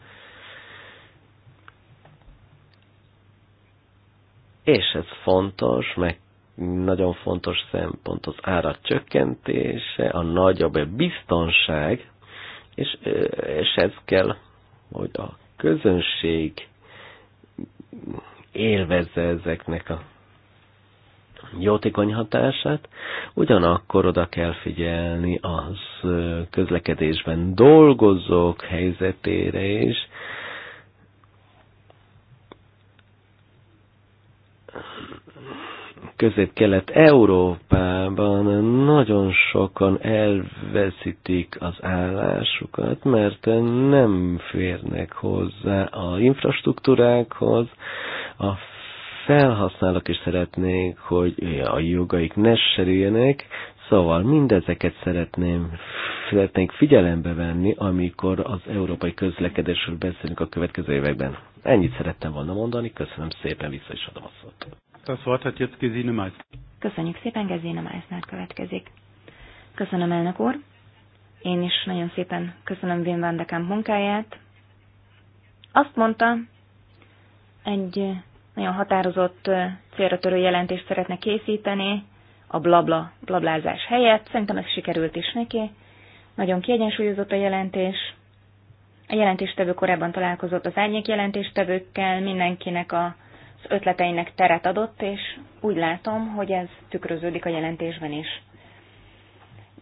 és ez fontos, meg nagyon fontos szempont az árak csökkentése, a nagyobb biztonság, és, és ez kell, hogy a közönség élvezze ezeknek a jótékony hatását, ugyanakkor oda kell figyelni az közlekedésben dolgozók helyzetére is, Közép-Kelet-Európában nagyon sokan elveszítik az állásukat, mert nem férnek hozzá a infrastruktúrákhoz, a felhasználók is szeretnék, hogy a jogaik ne serüljenek, szóval mindezeket szeretném, szeretnénk figyelembe venni, amikor az európai közlekedésről beszélünk a következő években. Ennyit szerettem volna mondani, köszönöm szépen, vissza is adom a szót. Das Wort hat jetzt Gesine Meissner.
Köszönjük szépen, Gesine Meissner következik. Köszönöm, elnök úr. Én is nagyon szépen köszönöm Wim van de Kamp munkáját. Azt mondta, egy nagyon határozott célra törő jelentést szeretne készíteni a blabla, blablázás helyett. Szerintem ez sikerült is neki. Nagyon kiegyensúlyozott a jelentés. A jelentéstevő korábban találkozott az árnyék jelentéstevőkkel, mindenkinek a az ötleteinek teret adott, és úgy látom, hogy ez tükröződik a jelentésben is.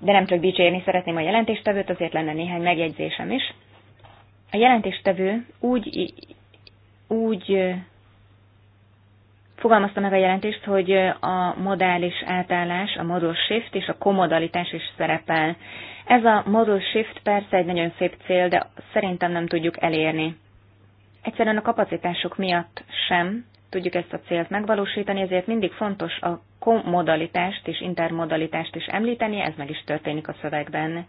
De nem csak dicsérni szeretném a jelentéstevőt, azért lenne néhány megjegyzésem is. A jelentéstevő úgy, úgy fogalmazta meg a jelentést, hogy a modális átállás, a model shift és a komodalitás is szerepel. Ez a model shift persze egy nagyon szép cél, de szerintem nem tudjuk elérni. Egyszerűen a kapacitások miatt sem, tudjuk ezt a célt megvalósítani, ezért mindig fontos a komodalitást és intermodalitást is említeni, ez meg is történik a szövegben.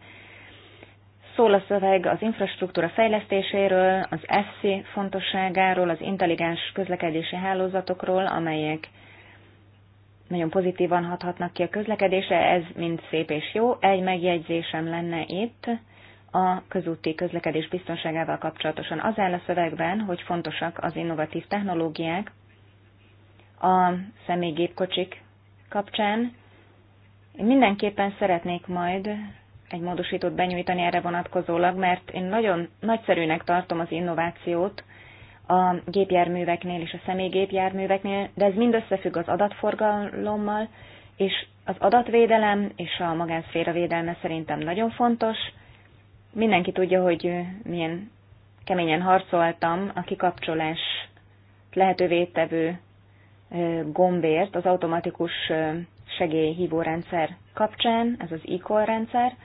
Szól a szöveg az infrastruktúra fejlesztéséről, az ESSI fontosságáról, az intelligens közlekedési hálózatokról, amelyek nagyon pozitívan hathatnak ki a közlekedése, ez mind szép és jó. Egy megjegyzésem lenne itt a közúti közlekedés biztonságával kapcsolatosan. Az áll a szövegben, hogy fontosak az innovatív technológiák, a személygépkocsik kapcsán. Én mindenképpen szeretnék majd egy módosítót benyújtani erre vonatkozólag, mert én nagyon nagyszerűnek tartom az innovációt a gépjárműveknél és a személygépjárműveknél, de ez mind összefügg az adatforgalommal, és az adatvédelem és a magánszféra védelme szerintem nagyon fontos. Mindenki tudja, hogy milyen keményen harcoltam a kikapcsolás lehetővé tevő gombért az automatikus segélyhívó rendszer kapcsán, ez az e rendszer.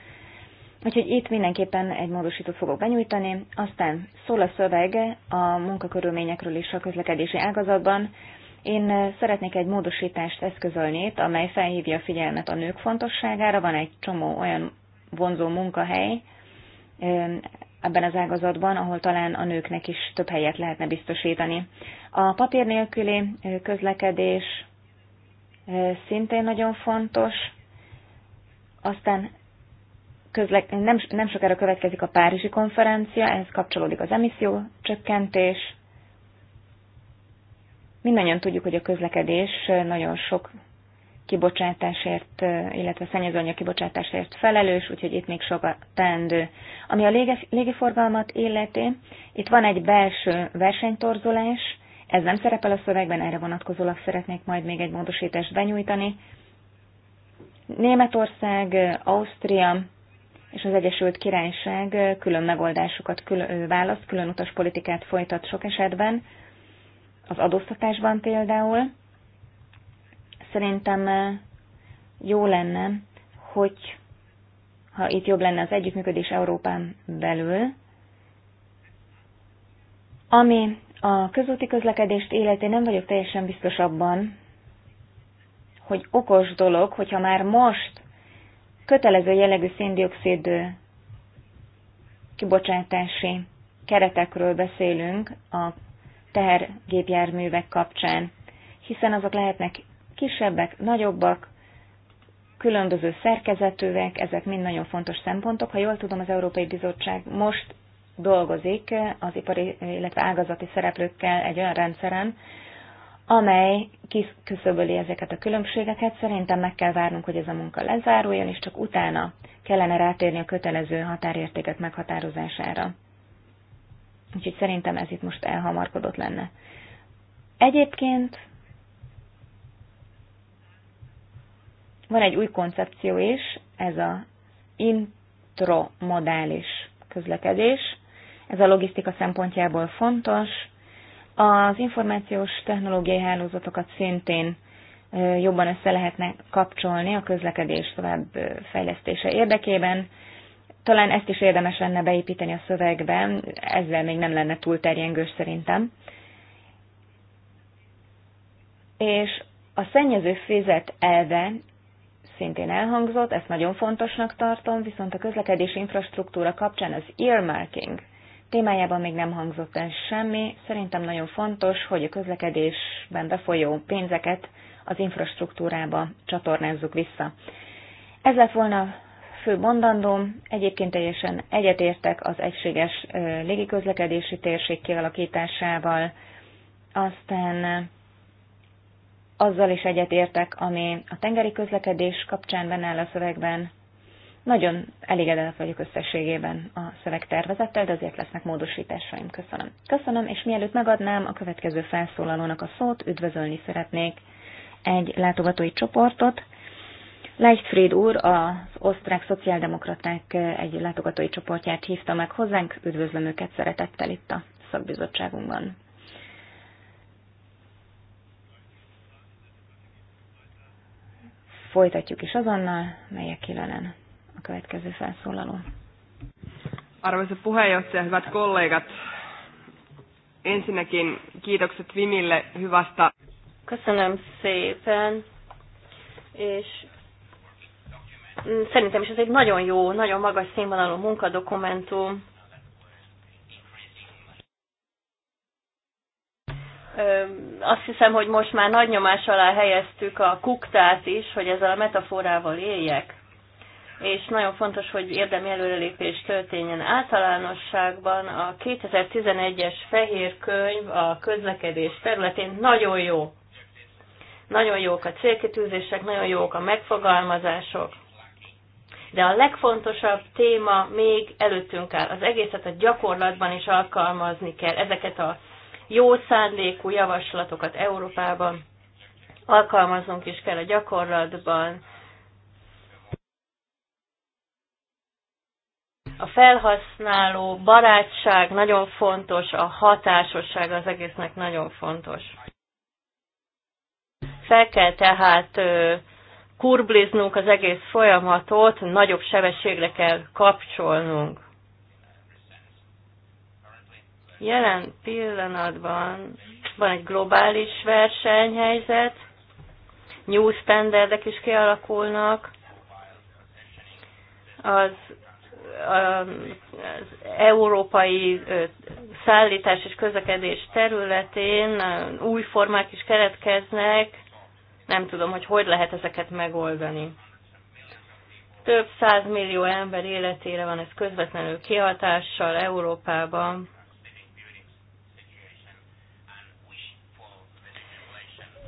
Úgyhogy itt mindenképpen egy módosítót fogok benyújtani. Aztán szól a szöveg a munkakörülményekről és a közlekedési ágazatban. Én szeretnék egy módosítást eszközölni itt, amely felhívja a figyelmet a nők fontosságára. Van egy csomó olyan vonzó munkahely, ebben az ágazatban, ahol talán a nőknek is több helyet lehetne biztosítani. A papír nélküli közlekedés szintén nagyon fontos, aztán közlek, nem, nem sokára következik a Párizsi konferencia, ehhez kapcsolódik az emisszió csökkentés. Mindannyian tudjuk, hogy a közlekedés nagyon sok kibocsátásért, illetve szennyezőanyag kibocsátásért felelős, úgyhogy itt még sok a teendő. Ami a légiforgalmat illeti, itt van egy belső versenytorzulás, ez nem szerepel a szövegben, erre vonatkozólag szeretnék majd még egy módosítást benyújtani. Németország, Ausztria és az Egyesült Királyság külön megoldásokat külön, választ, külön utas politikát folytat sok esetben, az adóztatásban például, Szerintem eh, jó lenne, hogy ha itt jobb lenne az együttműködés Európán belül, ami a közúti közlekedést életén nem vagyok teljesen biztos abban, hogy okos dolog, hogyha már most kötelező jellegű széndiokszid kibocsátási keretekről beszélünk a tehergépjárművek kapcsán, hiszen azok lehetnek kisebbek, nagyobbak, különböző szerkezetűek, ezek mind nagyon fontos szempontok. Ha jól tudom, az Európai Bizottság most dolgozik az ipari, illetve ágazati szereplőkkel egy olyan rendszeren, amely kiküszöböli ezeket a különbségeket. Szerintem meg kell várnunk, hogy ez a munka lezáruljon, és csak utána kellene rátérni a kötelező határértéket meghatározására. Úgyhogy szerintem ez itt most elhamarkodott lenne. Egyébként Van egy új koncepció is, ez a intromodális közlekedés. Ez a logisztika szempontjából fontos. Az információs technológiai hálózatokat szintén jobban össze lehetne kapcsolni a közlekedés tovább fejlesztése érdekében. Talán ezt is érdemes lenne beépíteni a szövegbe, ezzel még nem lenne túl terjengős szerintem. És a szennyező fizet elve szintén elhangzott, ezt nagyon fontosnak tartom, viszont a közlekedési infrastruktúra kapcsán az earmarking témájában még nem hangzott el semmi. Szerintem nagyon fontos, hogy a közlekedésben befolyó pénzeket az infrastruktúrába csatornázzuk vissza. Ez lett volna fő mondandóm, egyébként teljesen egyetértek az egységes légiközlekedési térség kialakításával, aztán azzal is egyetértek, ami a tengeri közlekedés kapcsán benne áll a szövegben. Nagyon elégedett vagyok összességében a szövegtervezettel, de azért lesznek módosításaim. Köszönöm. Köszönöm, és mielőtt megadnám a következő felszólalónak a szót, üdvözölni szeretnék egy látogatói csoportot. Leichtfried úr, az osztrák szociáldemokraták egy látogatói csoportját hívta meg hozzánk, üdvözlöm őket szeretettel itt a szakbizottságunkban. folytatjuk is azonnal, melyek kilenen a következő felszólaló.
Arvoisa puheenjohtaja, hyvät kollégat,
ensinnäkin kiitokset Vimille hyvästä. Köszönöm szépen, és szerintem is ez egy nagyon jó, nagyon magas színvonalú munkadokumentum azt hiszem, hogy most már nagy nyomás alá helyeztük a kuktát is, hogy ezzel a metaforával éljek. És nagyon fontos, hogy érdemi előrelépés történjen. Általánosságban a 2011-es fehér könyv a közlekedés területén nagyon jó. Nagyon jók a célkitűzések, nagyon jók a megfogalmazások. De a legfontosabb téma még előttünk áll. Az egészet a gyakorlatban is alkalmazni kell. Ezeket a jó szándékú javaslatokat Európában alkalmaznunk is kell a gyakorlatban. A felhasználó barátság nagyon fontos, a hatásosság az egésznek nagyon fontos. Fel kell tehát kurbliznunk az egész folyamatot, nagyobb sebességre kell kapcsolnunk. Jelen pillanatban van egy globális versenyhelyzet, new standardek is kialakulnak, az, um, az európai szállítás és közlekedés területén új formák is keletkeznek, nem tudom, hogy hogy lehet ezeket megoldani. Több százmillió ember életére van ez közvetlenül kihatással Európában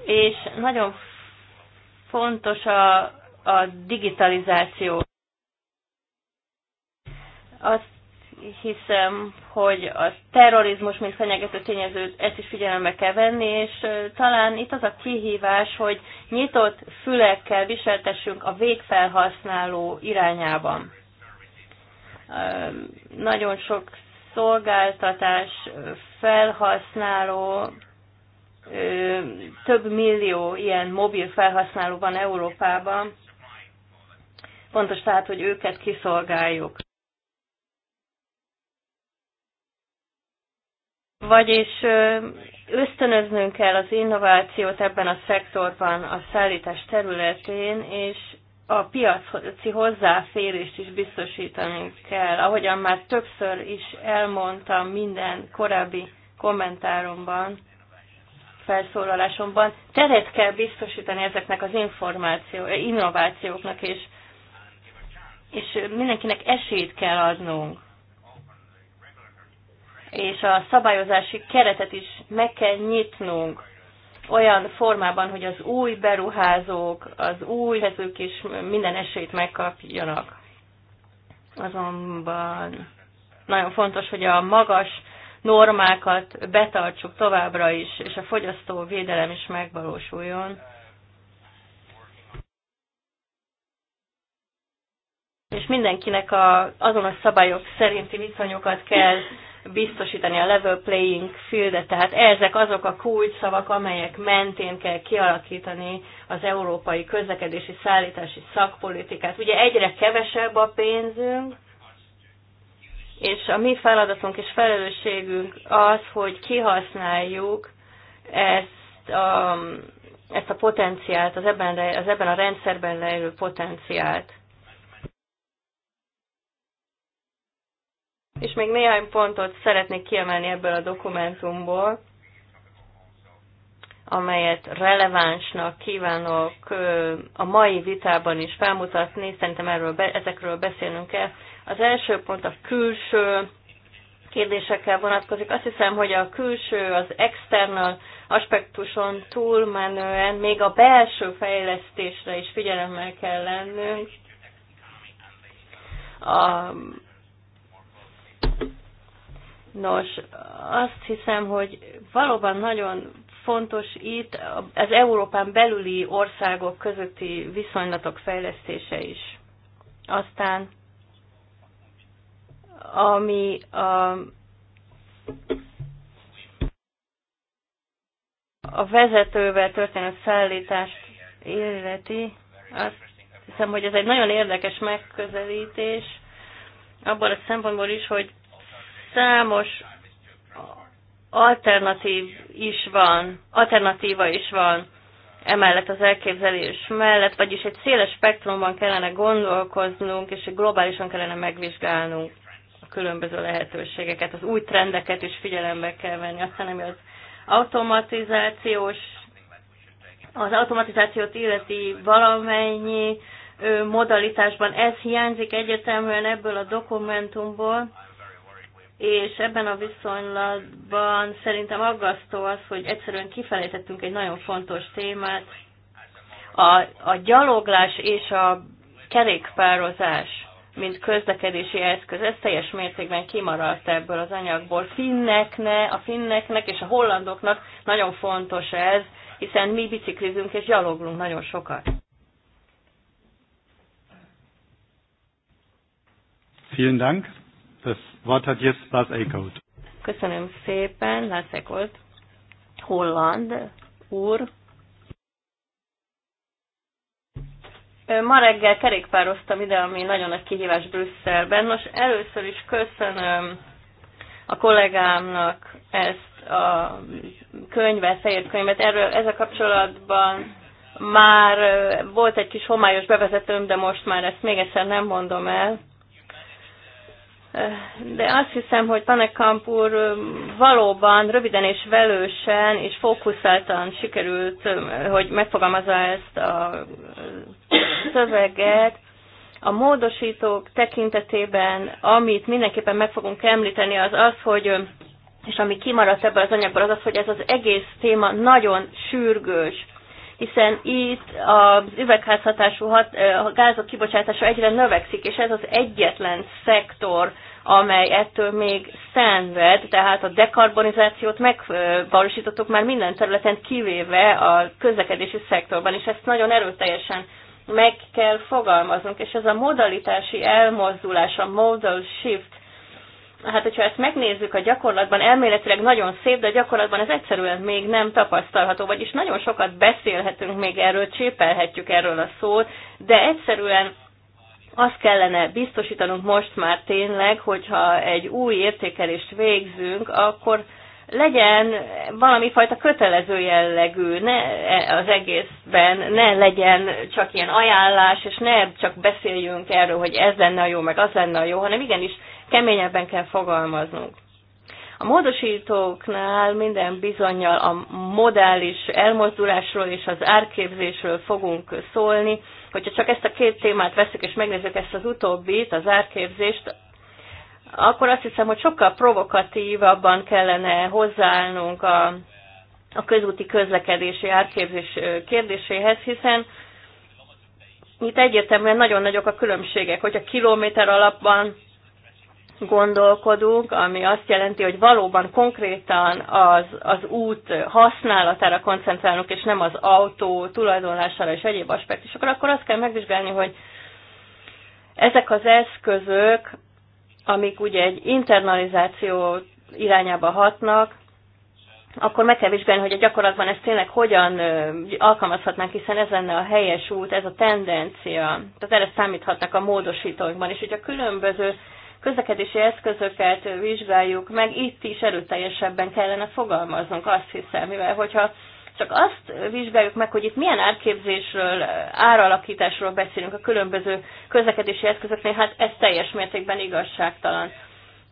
és nagyon fontos a, a digitalizáció. Azt hiszem, hogy a terrorizmus, mint fenyegető tényező, ezt is figyelembe kell venni, és talán itt az a kihívás, hogy nyitott fülekkel viseltessünk a végfelhasználó irányában. Nagyon sok szolgáltatás felhasználó több millió ilyen mobil felhasználó van Európában. Fontos tehát, hogy őket kiszolgáljuk. Vagyis ösztönöznünk kell az innovációt ebben a szektorban, a szállítás területén, és a piaci hozzáférést is biztosítani kell. Ahogyan már többször is elmondtam minden korábbi kommentáromban, felszólalásomban, teret kell biztosítani ezeknek az információ, eh, innovációknak, és, és eh, mindenkinek esélyt kell adnunk. És a szabályozási keretet is meg kell nyitnunk olyan formában, hogy az új beruházók, az új hezők is minden esélyt megkapjanak. Azonban nagyon fontos, hogy a magas normákat betartsuk továbbra is, és a fogyasztó védelem is megvalósuljon. És mindenkinek a, azonos szabályok szerinti viszonyokat kell biztosítani a level playing fieldet, tehát ezek azok a kulcs szavak, amelyek mentén kell kialakítani az európai közlekedési szállítási szakpolitikát. Ugye egyre kevesebb a pénzünk, és a mi feladatunk és felelősségünk az, hogy kihasználjuk ezt a, ezt a potenciált, az ebben, az ebben a rendszerben lejlő potenciált. És még néhány pontot szeretnék kiemelni ebből a dokumentumból, amelyet relevánsnak kívánok a mai vitában is felmutatni. Szerintem erről, ezekről beszélnünk kell. Az első pont a külső kérdésekkel vonatkozik. Azt hiszem, hogy a külső, az external aspektuson túlmenően még a belső fejlesztésre is figyelemmel kell lennünk. A... Nos, azt hiszem, hogy valóban nagyon fontos itt az Európán belüli országok közötti viszonylatok fejlesztése is. Aztán ami a, a vezetővel történő szállítást illeti, azt hiszem, hogy ez egy nagyon érdekes megközelítés, abban a szempontból is, hogy számos alternatív is van, alternatíva is van emellett az elképzelés mellett, vagyis egy széles spektrumban kellene gondolkoznunk, és egy globálisan kellene megvizsgálnunk különböző lehetőségeket, az új trendeket is figyelembe kell venni. Aztán ami az automatizációs, az automatizációt illeti valamennyi modalitásban ez hiányzik egyetemben ebből a dokumentumból, és ebben a viszonylatban szerintem aggasztó az, hogy egyszerűen kifelejtettünk egy nagyon fontos témát, a, a gyaloglás és a kerékpározás mint közlekedési eszköz. Ez teljes mértékben kimaradt ebből az anyagból. Finneknek, a finneknek és a hollandoknak nagyon fontos ez, hiszen mi biciklizünk és gyaloglunk nagyon sokat.
Vielen Dank. Das Wort hat jetzt Lars Eickhout.
Köszönöm szépen, Lars Eickhout. Holland úr. Ma reggel kerékpároztam ide, ami nagyon nagy kihívás Brüsszelben. Most először is köszönöm a kollégámnak ezt a könyvet, fehér könyvet. Erről ezzel kapcsolatban már volt egy kis homályos bevezetőm, de most már ezt még egyszer nem mondom el de azt hiszem, hogy Panekamp úr valóban röviden és velősen és fókuszáltan sikerült, hogy megfogalmazza ezt a szöveget. A módosítók tekintetében, amit mindenképpen meg fogunk említeni, az az, hogy és ami kimaradt ebből az anyagból, az az, hogy ez az egész téma nagyon sürgős, hiszen itt az üvegházhatású hat, a gázok kibocsátása egyre növekszik, és ez az egyetlen szektor, amely ettől még szenved, tehát a dekarbonizációt megvalósítottuk már minden területen, kivéve a közlekedési szektorban, és ezt nagyon erőteljesen meg kell fogalmaznunk, és ez a modalitási elmozdulás, a modal shift, hát hogyha ezt megnézzük a gyakorlatban, elméletileg nagyon szép, de gyakorlatban ez egyszerűen még nem tapasztalható, vagyis nagyon sokat beszélhetünk még erről, csépelhetjük erről a szót, de egyszerűen azt kellene biztosítanunk most már tényleg, hogyha egy új értékelést végzünk, akkor legyen valami fajta kötelező jellegű ne, e, az egészben, ne legyen csak ilyen ajánlás, és ne csak beszéljünk erről, hogy ez lenne a jó, meg az lenne a jó, hanem igenis keményebben kell fogalmaznunk. A módosítóknál minden bizonyal a modális elmozdulásról és az árképzésről fogunk szólni, Hogyha csak ezt a két témát veszük és megnézzük ezt az utóbbit, az árképzést, akkor azt hiszem, hogy sokkal provokatívabban kellene hozzáállnunk a, a közúti közlekedési árképzés kérdéséhez, hiszen itt egyértelműen nagyon nagyok a különbségek, hogy a kilométer alapban gondolkodunk, ami azt jelenti, hogy valóban konkrétan az, az út használatára koncentrálunk, és nem az autó tulajdonlására és egyéb aspektusokra, akkor azt kell megvizsgálni, hogy ezek az eszközök, amik ugye egy internalizáció irányába hatnak, akkor meg kell vizsgálni, hogy a gyakorlatban ezt tényleg hogyan alkalmazhatnánk, hiszen ez lenne a helyes út, ez a tendencia. Tehát erre számíthatnak a módosítóinkban. És hogyha különböző közlekedési eszközöket vizsgáljuk meg, itt is erőteljesebben kellene fogalmaznunk, azt hiszem, mivel hogyha csak azt vizsgáljuk meg, hogy itt milyen árképzésről, áralakításról beszélünk a különböző közlekedési eszközöknél, hát ez teljes mértékben igazságtalan.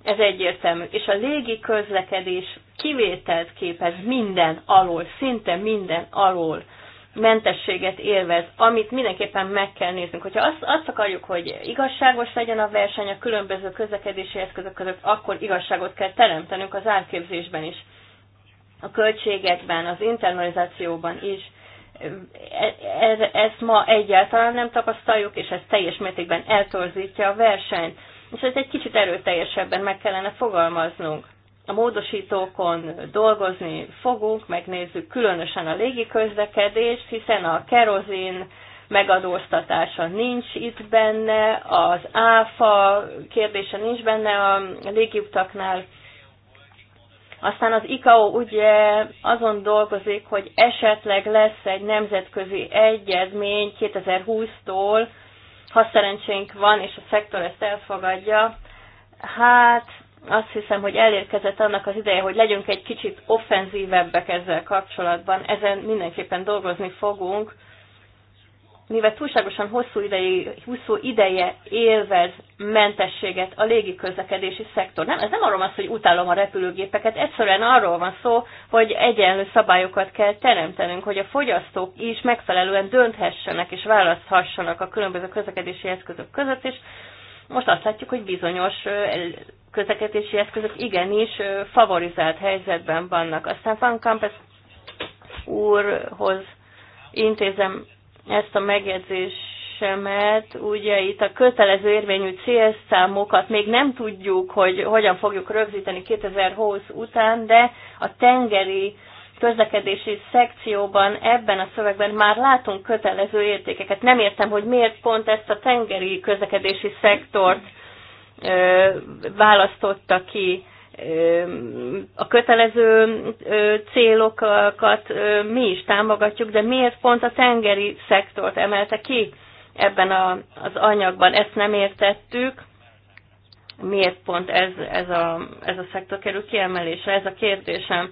Ez egyértelmű. És a légi közlekedés kivételt képez minden alól, szinte minden alól mentességet élvez, amit mindenképpen meg kell néznünk. Hogyha azt, azt akarjuk, hogy igazságos legyen a verseny a különböző közlekedési eszközök között, akkor igazságot kell teremtenünk az árképzésben is, a költségekben, az internalizációban is. E-, e-, ezt ma egyáltalán nem tapasztaljuk, és ez teljes mértékben eltorzítja a versenyt. És ezt egy kicsit erőteljesebben meg kellene fogalmaznunk a módosítókon dolgozni fogunk, megnézzük különösen a légiközlekedést, hiszen a kerozin megadóztatása nincs itt benne, az áfa kérdése nincs benne a légiutaknál. Aztán az ICAO ugye azon dolgozik, hogy esetleg lesz egy nemzetközi egyezmény 2020-tól, ha szerencsénk van, és a szektor ezt elfogadja, hát azt hiszem, hogy elérkezett annak az ideje, hogy legyünk egy kicsit offenzívebbek ezzel kapcsolatban. Ezen mindenképpen dolgozni fogunk, mivel túlságosan hosszú, idei, hosszú ideje élvez mentességet a légiközlekedési szektor. Nem, ez nem arról van szó, hogy utálom a repülőgépeket, egyszerűen arról van szó, hogy egyenlő szabályokat kell teremtenünk, hogy a fogyasztók is megfelelően dönthessenek és választhassanak a különböző közlekedési eszközök között, és most azt látjuk, hogy bizonyos közlekedési eszközök igenis favorizált helyzetben vannak. Aztán Van Kampes úrhoz intézem ezt a megjegyzésemet. Ugye itt a kötelező érvényű célszámokat még nem tudjuk, hogy hogyan fogjuk rögzíteni 2020 után, de a tengeri közlekedési szekcióban, ebben a szövegben már látunk kötelező értékeket. Nem értem, hogy miért pont ezt a tengeri közlekedési szektort ö, választotta ki a kötelező célokat mi is támogatjuk, de miért pont a tengeri szektort emelte ki ebben a, az anyagban? Ezt nem értettük. Miért pont ez, ez, a, ez a szektor kerül kiemelésre? Ez a kérdésem.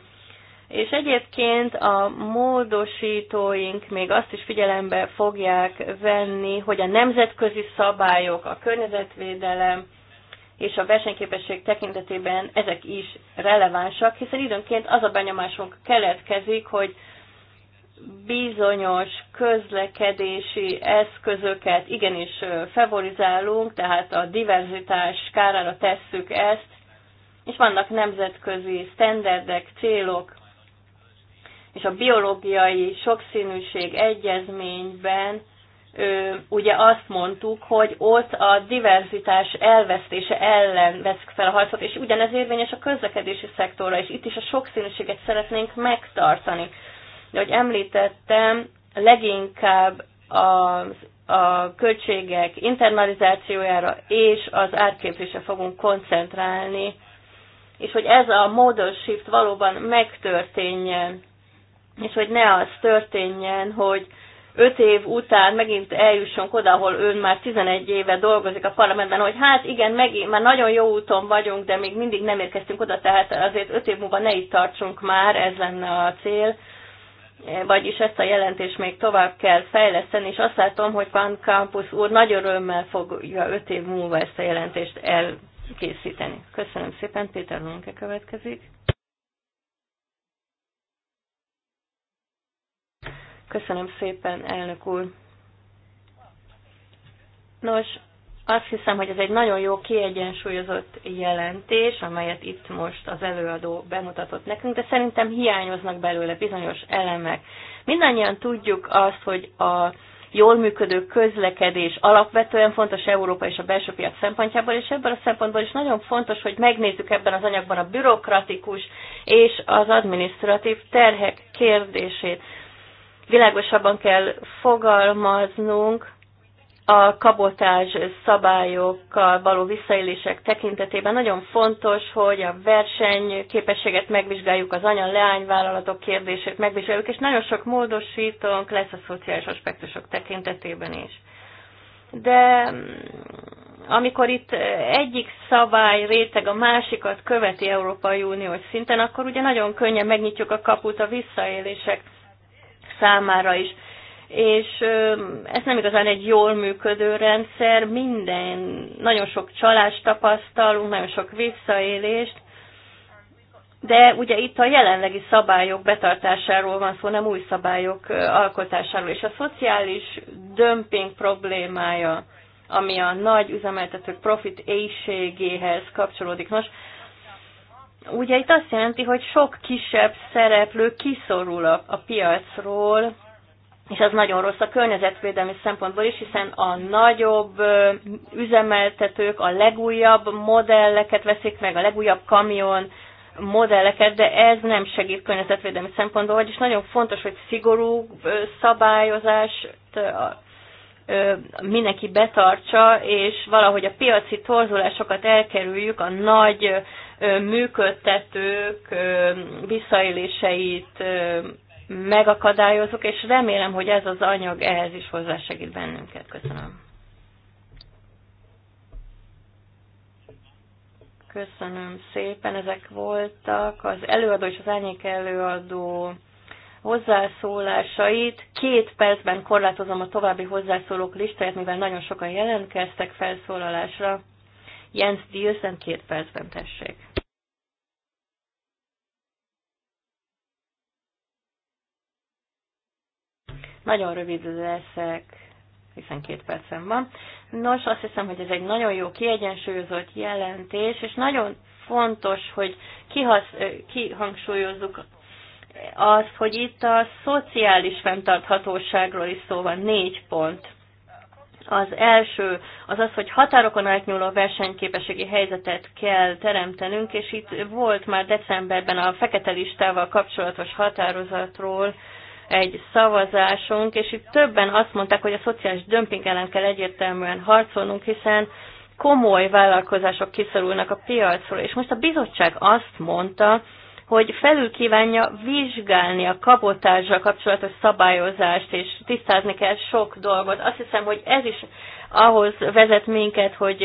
És egyébként a módosítóink még azt is figyelembe fogják venni, hogy a nemzetközi szabályok, a környezetvédelem és a versenyképesség tekintetében ezek is relevánsak, hiszen időnként az a benyomásunk keletkezik, hogy bizonyos közlekedési eszközöket igenis favorizálunk, tehát a diverzitás kárára tesszük ezt, és vannak nemzetközi standardek, célok, és a biológiai sokszínűség egyezményben ö, ugye azt mondtuk, hogy ott a diverzitás elvesztése ellen veszik fel a harcot, és ugyanez érvényes a közlekedési szektorra, és itt is a sokszínűséget szeretnénk megtartani. De ahogy említettem, leginkább a, a költségek internalizációjára és az átképzésre fogunk koncentrálni, és hogy ez a modal shift valóban megtörténjen és hogy ne az történjen, hogy öt év után megint eljussunk oda, ahol ön már 11 éve dolgozik a parlamentben, hogy hát igen, megint, már nagyon jó úton vagyunk, de még mindig nem érkeztünk oda, tehát azért öt év múlva ne itt tartsunk már, ez lenne a cél. Vagyis ezt a jelentést még tovább kell fejleszteni, és azt látom, hogy Van Campus úr nagy örömmel fogja öt év múlva ezt a jelentést elkészíteni. Köszönöm szépen, Péter Lunke következik. Köszönöm szépen, elnök úr. Nos, azt hiszem, hogy ez egy nagyon jó kiegyensúlyozott jelentés, amelyet itt most az előadó bemutatott nekünk, de szerintem hiányoznak belőle bizonyos elemek. Mindannyian tudjuk azt, hogy a jól működő közlekedés alapvetően fontos Európa és a belső piac szempontjából, és ebből a szempontból is nagyon fontos, hogy megnézzük ebben az anyagban a bürokratikus és az adminisztratív terhek kérdését világosabban kell fogalmaznunk a kabotázs szabályokkal való visszaélések tekintetében. Nagyon fontos, hogy a verseny képességet megvizsgáljuk, az anya-leányvállalatok kérdését megvizsgáljuk, és nagyon sok módosítónk lesz a szociális aspektusok tekintetében is. De mm, amikor itt egyik szabály réteg a másikat követi Európai Uniós szinten, akkor ugye nagyon könnyen megnyitjuk a kaput a visszaélések számára is. És ez nem igazán egy jól működő rendszer, minden, nagyon sok csalást tapasztalunk, nagyon sok visszaélést, de ugye itt a jelenlegi szabályok betartásáról van szó, nem új szabályok alkotásáról, és a szociális dömping problémája, ami a nagy üzemeltetők profit éjségéhez kapcsolódik. Nos, Ugye itt azt jelenti, hogy sok kisebb szereplő kiszorul a, a piacról, és az nagyon rossz a környezetvédelmi szempontból is, hiszen a nagyobb üzemeltetők a legújabb modelleket veszik meg, a legújabb kamion modelleket, de ez nem segít környezetvédelmi szempontból, vagyis nagyon fontos, hogy szigorú szabályozást mindenki betartsa, és valahogy a piaci torzulásokat elkerüljük, a nagy működtetők visszaéléseit megakadályozok, és remélem, hogy ez az anyag ehhez is hozzásegít bennünket. Köszönöm. Köszönöm szépen, ezek voltak az előadó és az árnyék előadó hozzászólásait. Két percben korlátozom a további hozzászólók listáját, mivel nagyon sokan jelentkeztek felszólalásra. Jens Dielsen két percben tessék. Nagyon rövid leszek, hiszen két percem van. Nos, azt hiszem, hogy ez egy nagyon jó kiegyensúlyozott jelentés, és nagyon fontos, hogy kihasz, eh, kihangsúlyozzuk az, hogy itt a szociális fenntarthatóságról is szó van, négy pont. Az első az az, hogy határokon átnyúló versenyképességi helyzetet kell teremtenünk, és itt volt már decemberben a fekete listával kapcsolatos határozatról egy szavazásunk, és itt többen azt mondták, hogy a szociális dömping ellen kell egyértelműen harcolnunk, hiszen komoly vállalkozások kiszorulnak a piacról. És most a bizottság azt mondta, hogy felül kívánja vizsgálni a kabotással kapcsolatos szabályozást, és tisztázni kell sok dolgot. Azt hiszem, hogy ez is ahhoz vezet minket, hogy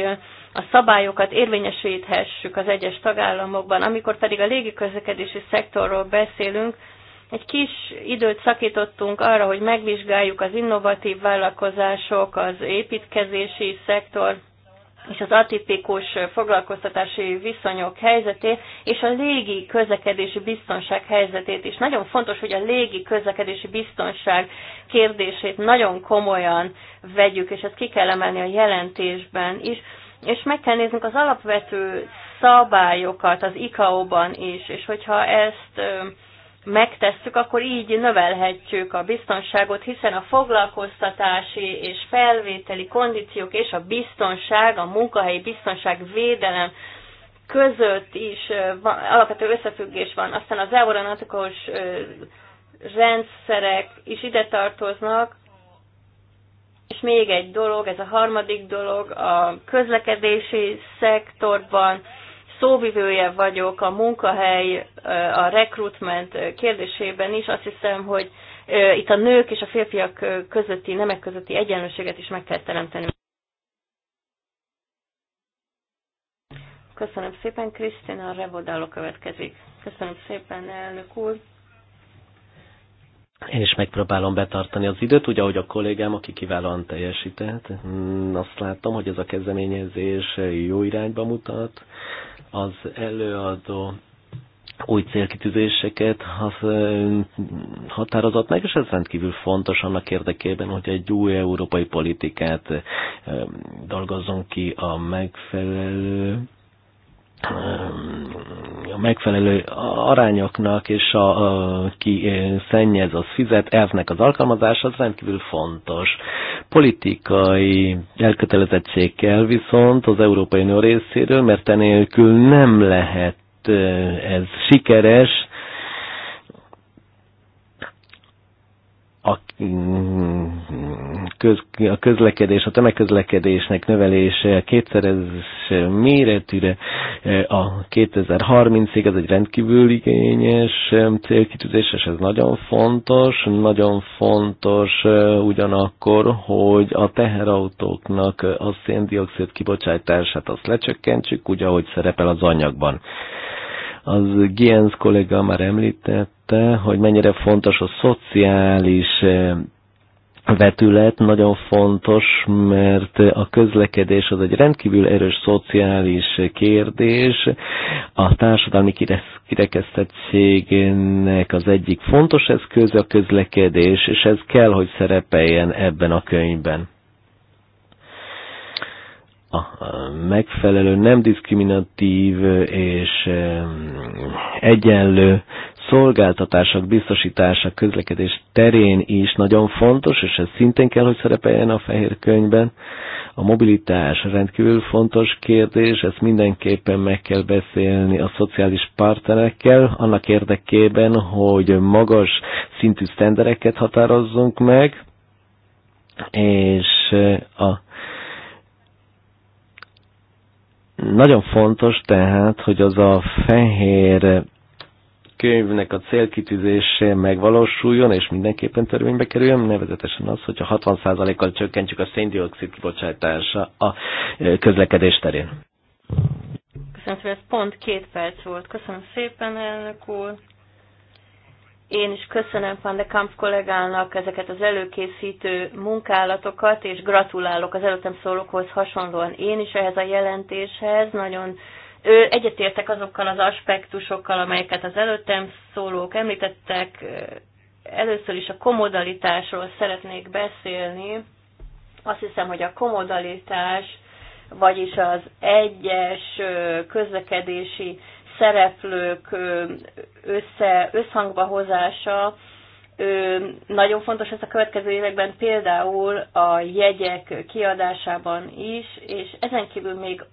a szabályokat érvényesíthessük az egyes tagállamokban. Amikor pedig a légiközlekedési szektorról beszélünk, egy kis időt szakítottunk arra, hogy megvizsgáljuk az innovatív vállalkozások, az építkezési szektor és az atipikus foglalkoztatási viszonyok helyzetét, és a légi közlekedési biztonság helyzetét is. Nagyon fontos, hogy a légi közlekedési biztonság kérdését nagyon komolyan vegyük, és ezt ki kell emelni a jelentésben is, és meg kell néznünk az alapvető szabályokat az ICAO-ban is, és hogyha ezt megtesszük, akkor így növelhetjük a biztonságot, hiszen a foglalkoztatási és felvételi kondíciók és a biztonság, a munkahelyi biztonság védelem között is alapvető összefüggés van. Aztán az euronatikus rendszerek is ide tartoznak, és még egy dolog, ez a harmadik dolog, a közlekedési szektorban szóvivője vagyok a munkahely, a recruitment kérdésében is. Azt hiszem, hogy itt a nők és a férfiak közötti, nemek közötti egyenlőséget is meg kell teremteni. Köszönöm szépen, Krisztina, Revodáló következik. Köszönöm szépen, elnök úr.
Én is megpróbálom betartani az időt, ugye ahogy a kollégám, aki kiválóan teljesített. Hm, azt látom, hogy ez a kezdeményezés jó irányba mutat. Az előadó új célkitűzéseket az határozott meg, és ez rendkívül fontos annak érdekében, hogy egy új európai politikát dolgozzon ki a megfelelő a megfelelő arányoknak és a, a ki szennyez, az fizet elvnek az alkalmazás, az rendkívül fontos politikai elkötelezettség kell viszont az Európai Unió részéről, mert enélkül nem lehet ez sikeres, a mm, köz, a közlekedés, a tömegközlekedésnek növelése a kétszeres méretűre eh, a 2030-ig, ez egy rendkívül igényes eh, célkitűzés, és ez nagyon fontos. Nagyon fontos eh, ugyanakkor, hogy a teherautóknak a széndiokszid kibocsátását azt lecsökkentsük, úgy, ahogy szerepel az anyagban az Gienz kollega már említette, hogy mennyire fontos a szociális vetület nagyon fontos, mert a közlekedés az egy rendkívül erős szociális kérdés. A társadalmi kirekesztettségnek az egyik fontos eszköz a közlekedés, és ez kell, hogy szerepeljen ebben a könyvben. A megfelelő, nem diszkriminatív és egyenlő szolgáltatások biztosítása közlekedés terén is nagyon fontos, és ez szintén kell, hogy szerepeljen a fehér könyvben. A mobilitás rendkívül fontos kérdés, ezt mindenképpen meg kell beszélni a szociális partnerekkel, annak érdekében, hogy magas szintű sztendereket határozzunk meg, és eh, a nagyon fontos tehát, hogy az a fehér könyvnek a célkitűzése megvalósuljon, és mindenképpen törvénybe kerüljön, nevezetesen az, hogyha 60%-kal csökkentjük a széndiokszid kibocsátása a e, közlekedés terén.
Köszönöm szépen, ez pont két perc volt. Köszönöm szépen, elnök úr. Én is köszönöm Van de Kamp kollégának ezeket az előkészítő munkálatokat, és gratulálok az előttem szólókhoz hasonlóan én is ehhez a jelentéshez. Nagyon Egyetértek azokkal az aspektusokkal, amelyeket az előttem szólók említettek. Először is a komodalitásról szeretnék beszélni. Azt hiszem, hogy a komodalitás, vagyis az egyes közlekedési szereplők össze, összhangba hozása, nagyon fontos ez a következő években például a jegyek kiadásában is, és ezen kívül még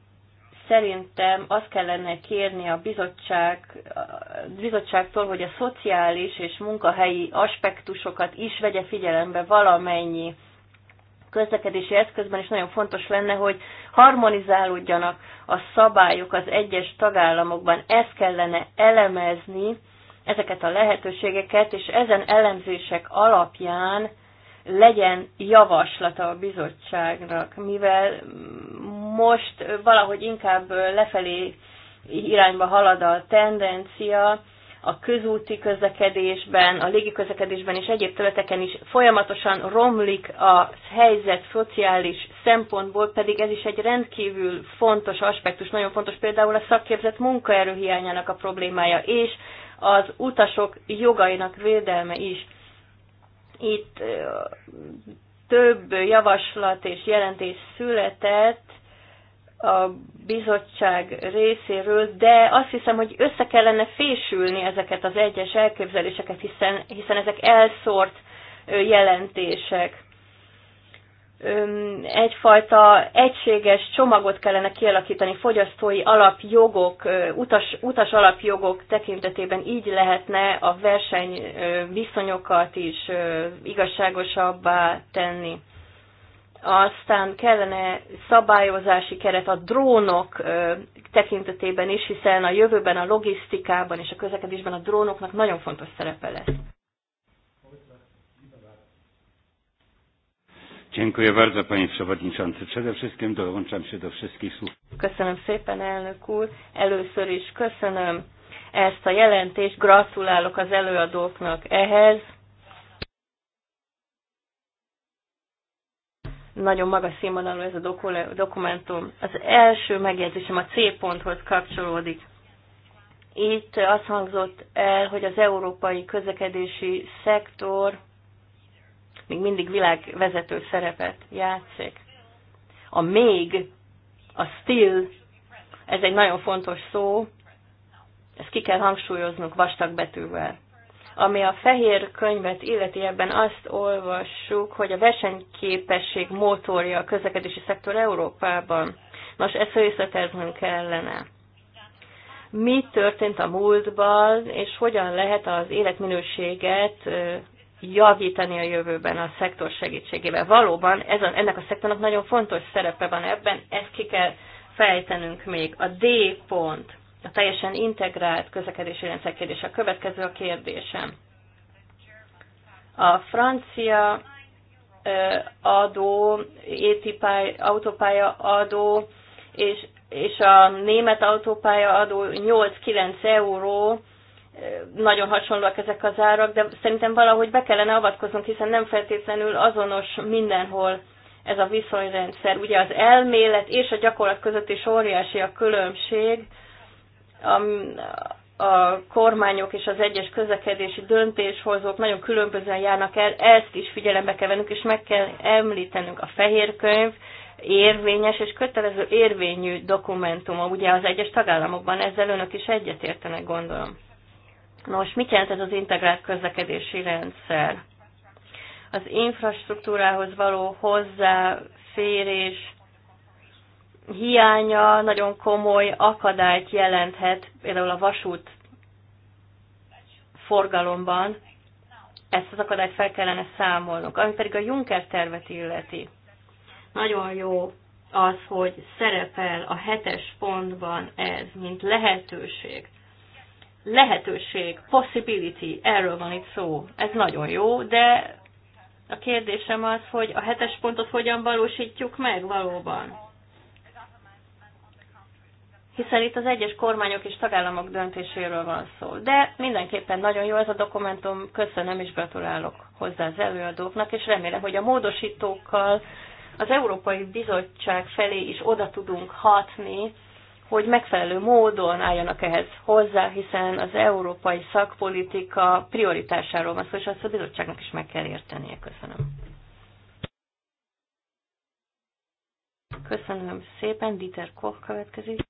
Szerintem azt kellene kérni a, bizottság, a bizottságtól, hogy a szociális és munkahelyi aspektusokat is vegye figyelembe valamennyi közlekedési eszközben, és nagyon fontos lenne, hogy harmonizálódjanak a szabályok az egyes tagállamokban. Ezt kellene elemezni, ezeket a lehetőségeket, és ezen elemzések alapján legyen javaslata a bizottságnak, mivel most valahogy inkább lefelé irányba halad a tendencia, a közúti közlekedésben, a közlekedésben és egyéb területeken is folyamatosan romlik a helyzet szociális szempontból, pedig ez is egy rendkívül fontos aspektus, nagyon fontos például a szakképzett munkaerőhiányának a problémája, és az utasok jogainak védelme is. Itt több javaslat és jelentés született, a bizottság részéről, de azt hiszem, hogy össze kellene fésülni ezeket az egyes elképzeléseket, hiszen, hiszen ezek elszórt jelentések. Egyfajta egységes csomagot kellene kialakítani fogyasztói alapjogok, utas, utas alapjogok tekintetében így lehetne a verseny viszonyokat is igazságosabbá tenni aztán kellene szabályozási keret a drónok tekintetében is, hiszen a jövőben a logisztikában és a közlekedésben a drónoknak nagyon fontos szerepe lesz.
Dziękuję bardzo panie przewodniczący. Przede wszystkim dołączam się do wszystkich słów.
Köszönöm szépen elnök úr. Először is köszönöm ezt a jelentést, gratulálok az előadóknak ehhez nagyon magas színvonalú ez a dokumentum. Az első megjegyzésem a C ponthoz kapcsolódik. Itt azt hangzott el, hogy az európai közlekedési szektor még mindig világvezető szerepet játszik. A még, a still, ez egy nagyon fontos szó, ezt ki kell hangsúlyoznunk vastag betűvel. Ami a fehér könyvet illeti, ebben azt olvassuk, hogy a versenyképesség motorja a közlekedési szektor Európában. Nos, ezt részleteznünk kellene mi történt a múltban, és hogyan lehet az életminőséget javítani a jövőben a szektor segítségével. Valóban ez a, ennek a szektornak nagyon fontos szerepe van ebben, ezt ki kell fejtenünk még. A D pont a teljesen integrált közlekedési rendszer kérdése. A következő a kérdésem. A francia adó, étipály, autópálya adó és, és a német autópálya adó 8-9 euró, nagyon hasonlóak ezek az árak, de szerintem valahogy be kellene avatkoznunk, hiszen nem feltétlenül azonos mindenhol ez a viszonyrendszer. Ugye az elmélet és a gyakorlat között is óriási a különbség, a, a kormányok és az egyes közlekedési döntéshozók nagyon különbözően járnak el, ezt is figyelembe kell vennünk, és meg kell említenünk a fehér könyv, érvényes és kötelező érvényű dokumentuma, ugye az egyes tagállamokban, ezzel önök is egyetértenek, gondolom. Nos, mit jelent ez az integrált közlekedési rendszer? Az infrastruktúrához való hozzáférés, hiánya nagyon komoly akadályt jelenthet, például a vasút forgalomban, ezt az akadályt fel kellene számolnunk. Ami pedig a Juncker tervet illeti, nagyon jó az, hogy szerepel a hetes pontban ez, mint lehetőség. Lehetőség, possibility, erről van itt szó. Ez nagyon jó, de a kérdésem az, hogy a hetes pontot hogyan valósítjuk meg valóban hiszen itt az egyes kormányok és tagállamok döntéséről van szó. De mindenképpen nagyon jó ez a dokumentum, köszönöm és gratulálok hozzá az előadóknak, és remélem, hogy a módosítókkal az Európai Bizottság felé is oda tudunk hatni, hogy megfelelő módon álljanak ehhez hozzá, hiszen az európai szakpolitika prioritásáról van szó, és azt a bizottságnak is meg kell értenie. Köszönöm. Köszönöm szépen, Dieter Koch következik.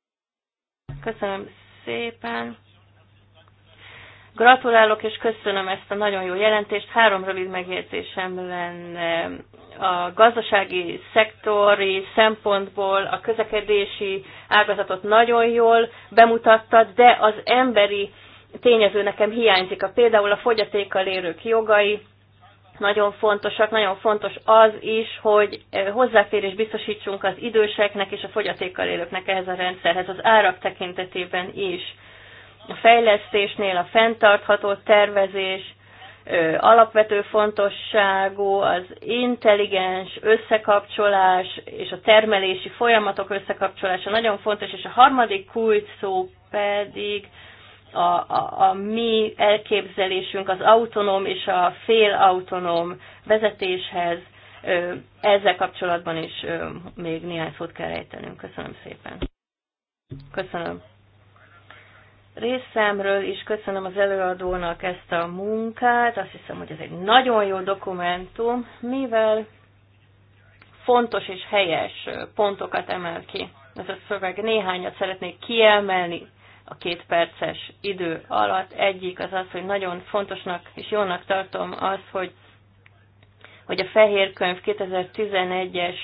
Köszönöm szépen. Gratulálok és köszönöm ezt a nagyon jó jelentést. Három rövid megjegyzésem lenne. A gazdasági szektori szempontból a közlekedési ágazatot nagyon jól bemutattad, de az emberi tényező nekem hiányzik. A például a fogyatékkal élők jogai, nagyon fontosak. Nagyon fontos az is, hogy eh, hozzáférés biztosítsunk az időseknek és a fogyatékkal élőknek ehhez a rendszerhez, az árak tekintetében is. A fejlesztésnél a fenntartható tervezés alapvető fontosságú, az intelligens összekapcsolás és a termelési folyamatok összekapcsolása nagyon fontos, és a harmadik kulcs szó pedig a, a, a mi elképzelésünk az autonóm és a félautonóm vezetéshez. Ezzel kapcsolatban is még néhány szót kell rejtenünk. Köszönöm szépen. Köszönöm. Részemről is köszönöm az előadónak ezt a munkát. Azt hiszem, hogy ez egy nagyon jó dokumentum, mivel fontos és helyes pontokat emel ki. Ez a szöveg néhányat szeretnék kiemelni, a két perces idő alatt. Egyik az az, hogy nagyon fontosnak és jónak tartom az, hogy hogy a Fehér Könyv 2011-es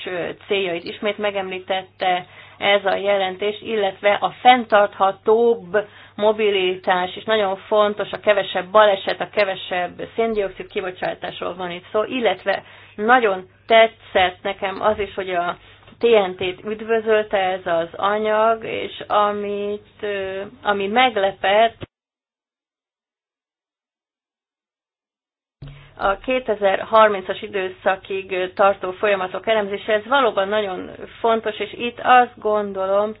céljait ismét megemlítette ez a jelentés, illetve a fenntarthatóbb mobilitás, és nagyon fontos a kevesebb baleset, a kevesebb széndiokszid kibocsátásról van itt szó, illetve nagyon tetszett nekem az is, hogy a TNT-t üdvözölte ez az anyag, és amit, ami meglepett, a 2030-as időszakig tartó folyamatok elemzése, ez valóban nagyon fontos, és itt azt gondolom,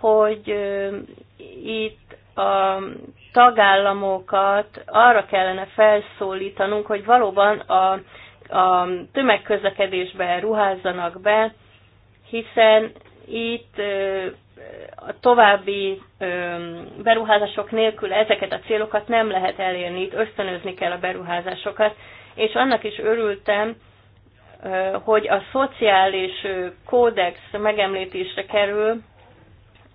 hogy itt a tagállamokat arra kellene felszólítanunk, hogy valóban a, a tömegközlekedésbe ruházzanak be, hiszen itt a további beruházások nélkül ezeket a célokat nem lehet elérni, itt ösztönözni kell a beruházásokat, és annak is örültem, hogy a szociális kódex megemlítésre kerül,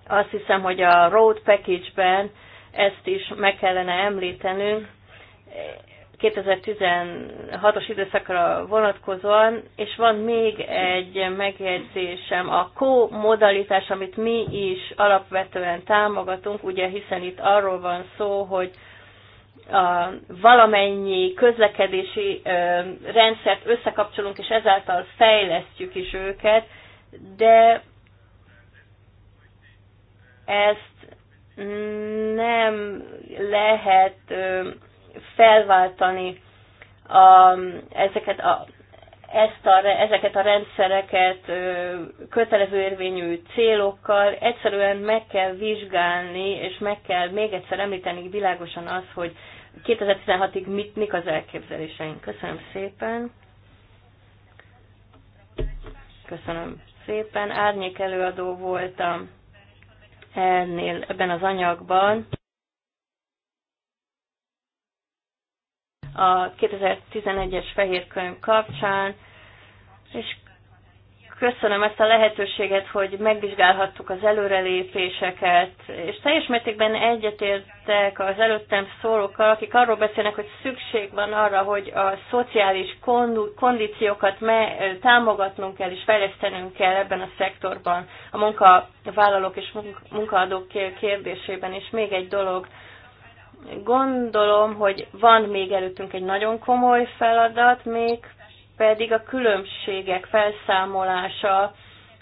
azt hiszem, hogy a road package-ben ezt is meg kellene említenünk. 2016-os időszakra vonatkozóan, és van még egy megjegyzésem, a kómodalitás, amit mi is alapvetően támogatunk, ugye hiszen itt arról van szó, hogy a valamennyi közlekedési ö, rendszert összekapcsolunk, és ezáltal fejlesztjük is őket, de ezt nem lehet ö, felváltani a, ezeket a ezt a, ezeket a rendszereket kötelező érvényű célokkal egyszerűen meg kell vizsgálni, és meg kell még egyszer említeni világosan az, hogy 2016-ig mit, mik az elképzeléseink. Köszönöm szépen. Köszönöm szépen. Árnyék előadó voltam ennél, ebben az anyagban. a 2011-es fehér könyv kapcsán, és köszönöm ezt a lehetőséget, hogy megvizsgálhattuk az előrelépéseket, és teljes mértékben egyetértek az előttem szólókkal, akik arról beszélnek, hogy szükség van arra, hogy a szociális kondíciókat me- támogatnunk kell és fejlesztenünk kell ebben a szektorban, a munkavállalók és munkaadók kérdésében. És még egy dolog, Gondolom, hogy van még előttünk egy nagyon komoly feladat, még pedig a különbségek felszámolása,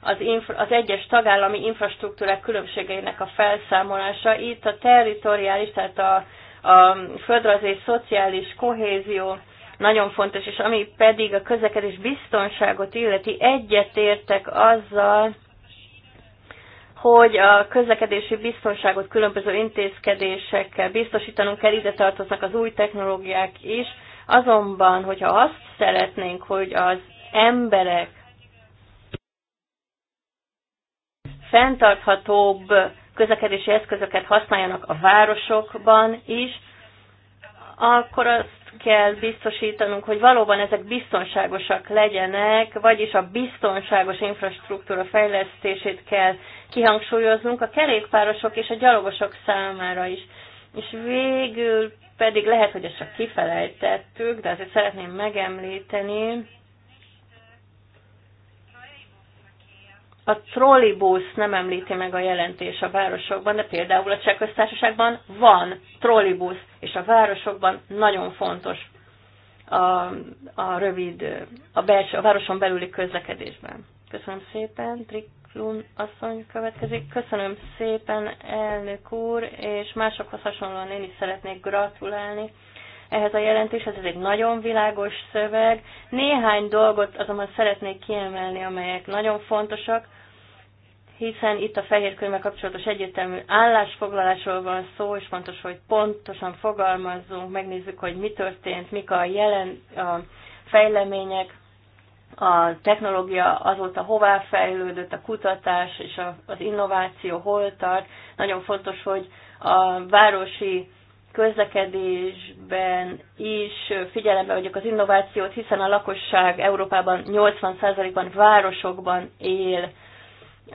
az, infra, az egyes tagállami infrastruktúrák különbségeinek a felszámolása. Itt a territoriális, tehát a, a földrajzi és szociális kohézió nagyon fontos, és ami pedig a közlekedés biztonságot illeti, egyetértek azzal, hogy a közlekedési biztonságot különböző intézkedésekkel biztosítanunk kell, ide tartoznak az új technológiák is, azonban, hogyha azt szeretnénk, hogy az emberek fenntarthatóbb közlekedési eszközöket használjanak a városokban is, akkor azt kell biztosítanunk, hogy valóban ezek biztonságosak legyenek, vagyis a biztonságos infrastruktúra fejlesztését kell kihangsúlyoznunk a kerékpárosok és a gyalogosok számára is. És végül pedig lehet, hogy ezt csak kifelejtettük, de azért szeretném megemlíteni, a trollibusz nem említi meg a jelentés a városokban, de például a Cseh van trollibusz és a városokban nagyon fontos a, a rövid, a, belső, a városon belüli közlekedésben. Köszönöm szépen, Triklun asszony következik. Köszönöm szépen, elnök úr, és másokhoz hasonlóan én is szeretnék gratulálni ehhez a jelentéshez. Ez egy nagyon világos szöveg. Néhány dolgot azonban szeretnék kiemelni, amelyek nagyon fontosak hiszen itt a fehér könyvvel kapcsolatos egyetemű állásfoglalásról van szó, és fontos, hogy pontosan fogalmazzunk, megnézzük, hogy mi történt, mik a jelen a fejlemények, a technológia azóta hová fejlődött, a kutatás és az innováció hol tart. Nagyon fontos, hogy a városi közlekedésben is figyelembe vagyok az innovációt, hiszen a lakosság Európában 80%-ban városokban él,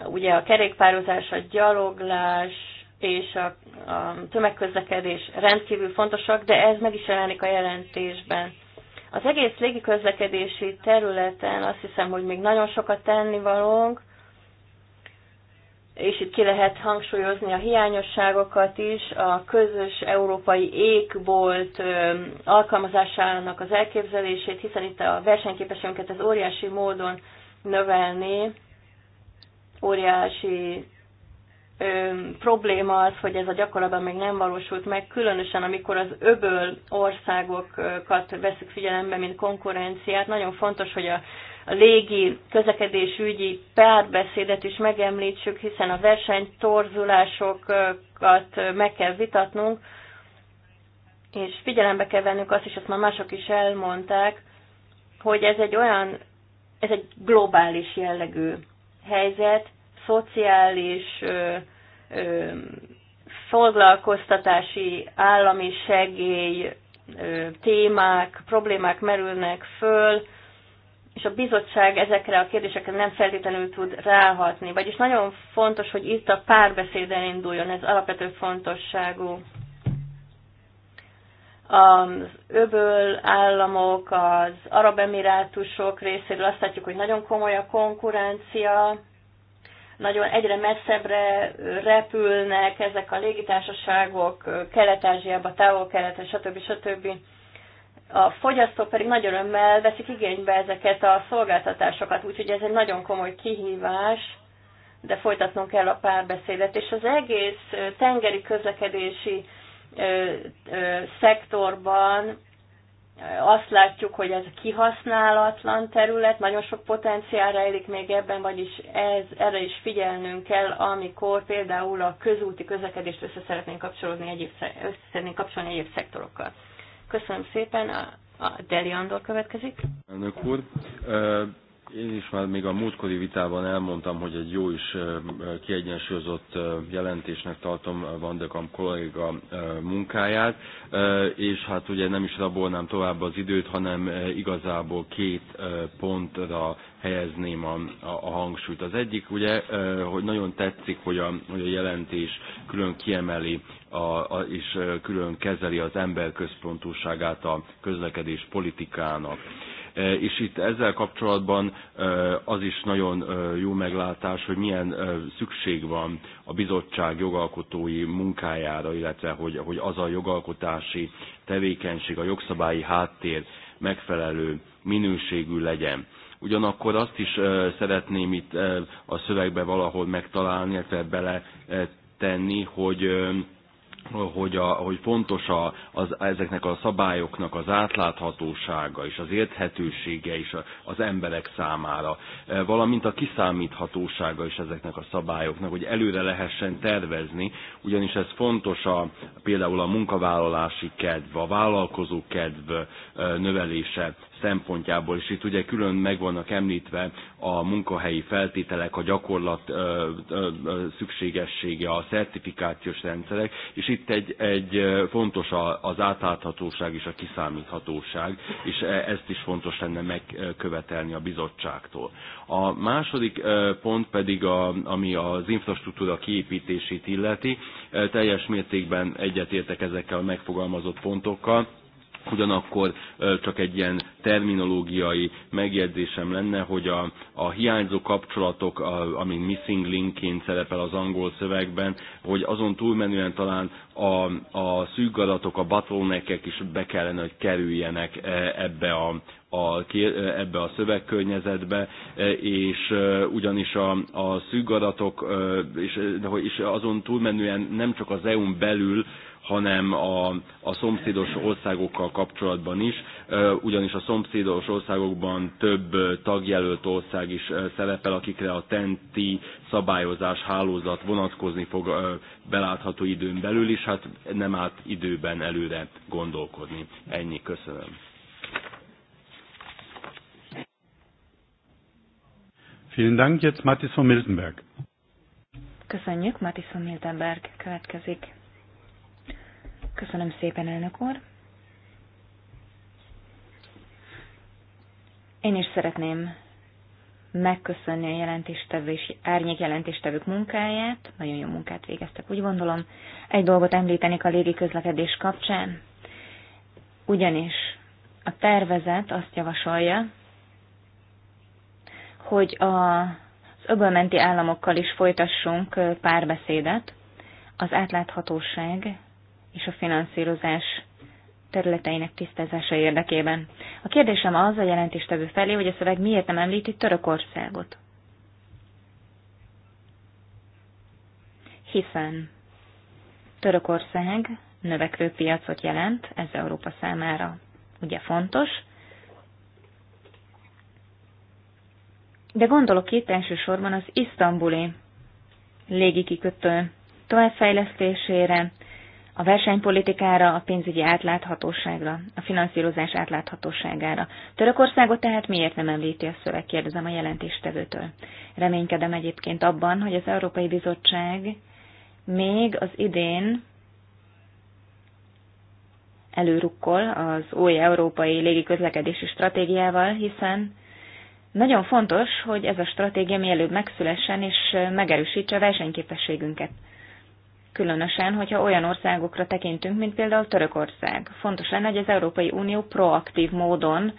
Ugye a kerékpározás, a gyaloglás és a, a tömegközlekedés rendkívül fontosak, de ez meg is jelenik a jelentésben. Az egész légiközlekedési területen azt hiszem, hogy még nagyon sokat tenni tennivalónk, és itt ki lehet hangsúlyozni a hiányosságokat is, a közös európai égbolt alkalmazásának az elképzelését, hiszen itt a versenyképességünket ez óriási módon növelni óriási ö, probléma az, hogy ez a gyakorlatban még nem valósult meg, különösen amikor az öböl országokat veszük figyelembe, mint konkurenciát. Nagyon fontos, hogy a, a légi közlekedésügyi párbeszédet is megemlítsük, hiszen a versenytorzulásokat meg kell vitatnunk, és figyelembe kell vennünk azt is, azt már mások is elmondták, hogy ez egy olyan, ez egy globális jellegű helyzet, szociális ö, ö, foglalkoztatási állami segély ö, témák, problémák merülnek föl, és a bizottság ezekre a kérdésekre nem feltétlenül tud ráhatni. Vagyis nagyon fontos, hogy itt a párbeszéd elinduljon, ez alapvető fontosságú az öböl államok, az arab emirátusok részéről azt látjuk, hogy nagyon komoly a konkurencia, nagyon egyre messzebbre repülnek ezek a légitársaságok Kelet-Ázsiába, távol-keletre, stb. stb. A fogyasztók pedig nagy örömmel veszik igénybe ezeket a szolgáltatásokat, úgyhogy ez egy nagyon komoly kihívás, de folytatnunk kell a párbeszédet. És az egész tengeri közlekedési szektorban azt látjuk, hogy ez kihasználatlan terület, nagyon sok potenciál rejlik még ebben, vagyis ez, erre is figyelnünk kell, amikor például a közúti közlekedést össze szeretnénk kapcsolódni egyéb, össze szeretnénk kapcsolni egyéb szektorokkal. Köszönöm szépen, a, a Deli Andor következik.
Elnök úr, én is már még a múltkori vitában elmondtam, hogy egy jó is kiegyensúlyozott jelentésnek tartom Van de Kamp kolléga munkáját, és hát ugye nem is rabolnám tovább az időt, hanem igazából két pontra helyezném a, a, a hangsúlyt. Az egyik ugye, hogy nagyon tetszik, hogy a, hogy a jelentés külön kiemeli a, a, és külön kezeli az ember központúságát, a közlekedés politikának E, és itt ezzel kapcsolatban e, az is nagyon e, jó meglátás, hogy milyen szükség van a bizottság jogalkotói munkájára, illetve hogy, hogy az a jogalkotási tevékenység, a jogszabályi háttér megfelelő minőségű legyen. Ugyanakkor azt is szeretném itt a szövegbe valahol megtalálni, illetve bele tenni, hogy hogy, a, hogy fontos a, az, ezeknek a szabályoknak az átláthatósága és az érthetősége is az emberek számára, e, valamint a kiszámíthatósága is ezeknek a szabályoknak, hogy előre lehessen tervezni, ugyanis ez fontos a, például a munkavállalási kedv, a vállalkozó kedv e, növelése szempontjából, és itt ugye külön meg vannak említve a munkahelyi feltételek, a gyakorlat ö, ö, szükségessége, a szertifikációs rendszerek, és itt egy, egy fontos az átláthatóság és a kiszámíthatóság, és e, ezt is fontos lenne megkövetelni a bizottságtól. A második pont pedig, a, ami az infrastruktúra kiépítését illeti, teljes mértékben egyetértek ezekkel a megfogalmazott pontokkal, Ugyanakkor csak egy ilyen terminológiai megjegyzésem lenne, hogy a, a hiányzó kapcsolatok, a, ami missing linkként szerepel az angol szövegben, hogy azon túlmenően talán a, a szűkgadatok, a bottleneckek is be kellene, hogy kerüljenek ebbe a, a, ebbe a szövegkörnyezetbe, és ugyanis a, a szűkgadatok, és, és azon túlmenően nem csak az EU-n belül, hanem a, a szomszédos országokkal kapcsolatban is, ugyanis a szomszédos országokban több tagjelölt ország is szerepel, akikre a tenti szabályozás hálózat vonatkozni fog belátható időn belül is, hát nem állt időben előre gondolkodni. Ennyi, köszönöm.
Vielen Dank, jetzt Mathis von Miltenberg.
Köszönjük, Mathis von Miltenberg következik. Köszönöm szépen, elnök úr. Én is szeretném megköszönni a jelentéstevő és árnyék jelentéstevők munkáját. Nagyon jó munkát végeztek, úgy gondolom. Egy dolgot említenék a légi közlekedés kapcsán. Ugyanis a tervezet azt javasolja, hogy az öbölmenti államokkal is folytassunk párbeszédet. Az átláthatóság és a finanszírozás területeinek tisztázása érdekében. A kérdésem az a jelentéstevő felé, hogy a szöveg miért nem említi Törökországot. Hiszen Törökország növekvő piacot jelent, ez Európa számára ugye fontos, de gondolok itt elsősorban az isztambuli légikikötő továbbfejlesztésére, a versenypolitikára, a pénzügyi átláthatóságra, a finanszírozás átláthatóságára. Törökországot tehát miért nem említi a szöveg, kérdezem a jelentéstevőtől. Reménykedem egyébként abban, hogy az Európai Bizottság még az idén előrukkol az új európai légiközlekedési stratégiával, hiszen nagyon fontos, hogy ez a stratégia mielőbb megszülessen és megerősítse a versenyképességünket. Különösen, hogyha olyan országokra tekintünk, mint például Törökország. Fontos lenne, hogy az Európai Unió proaktív módon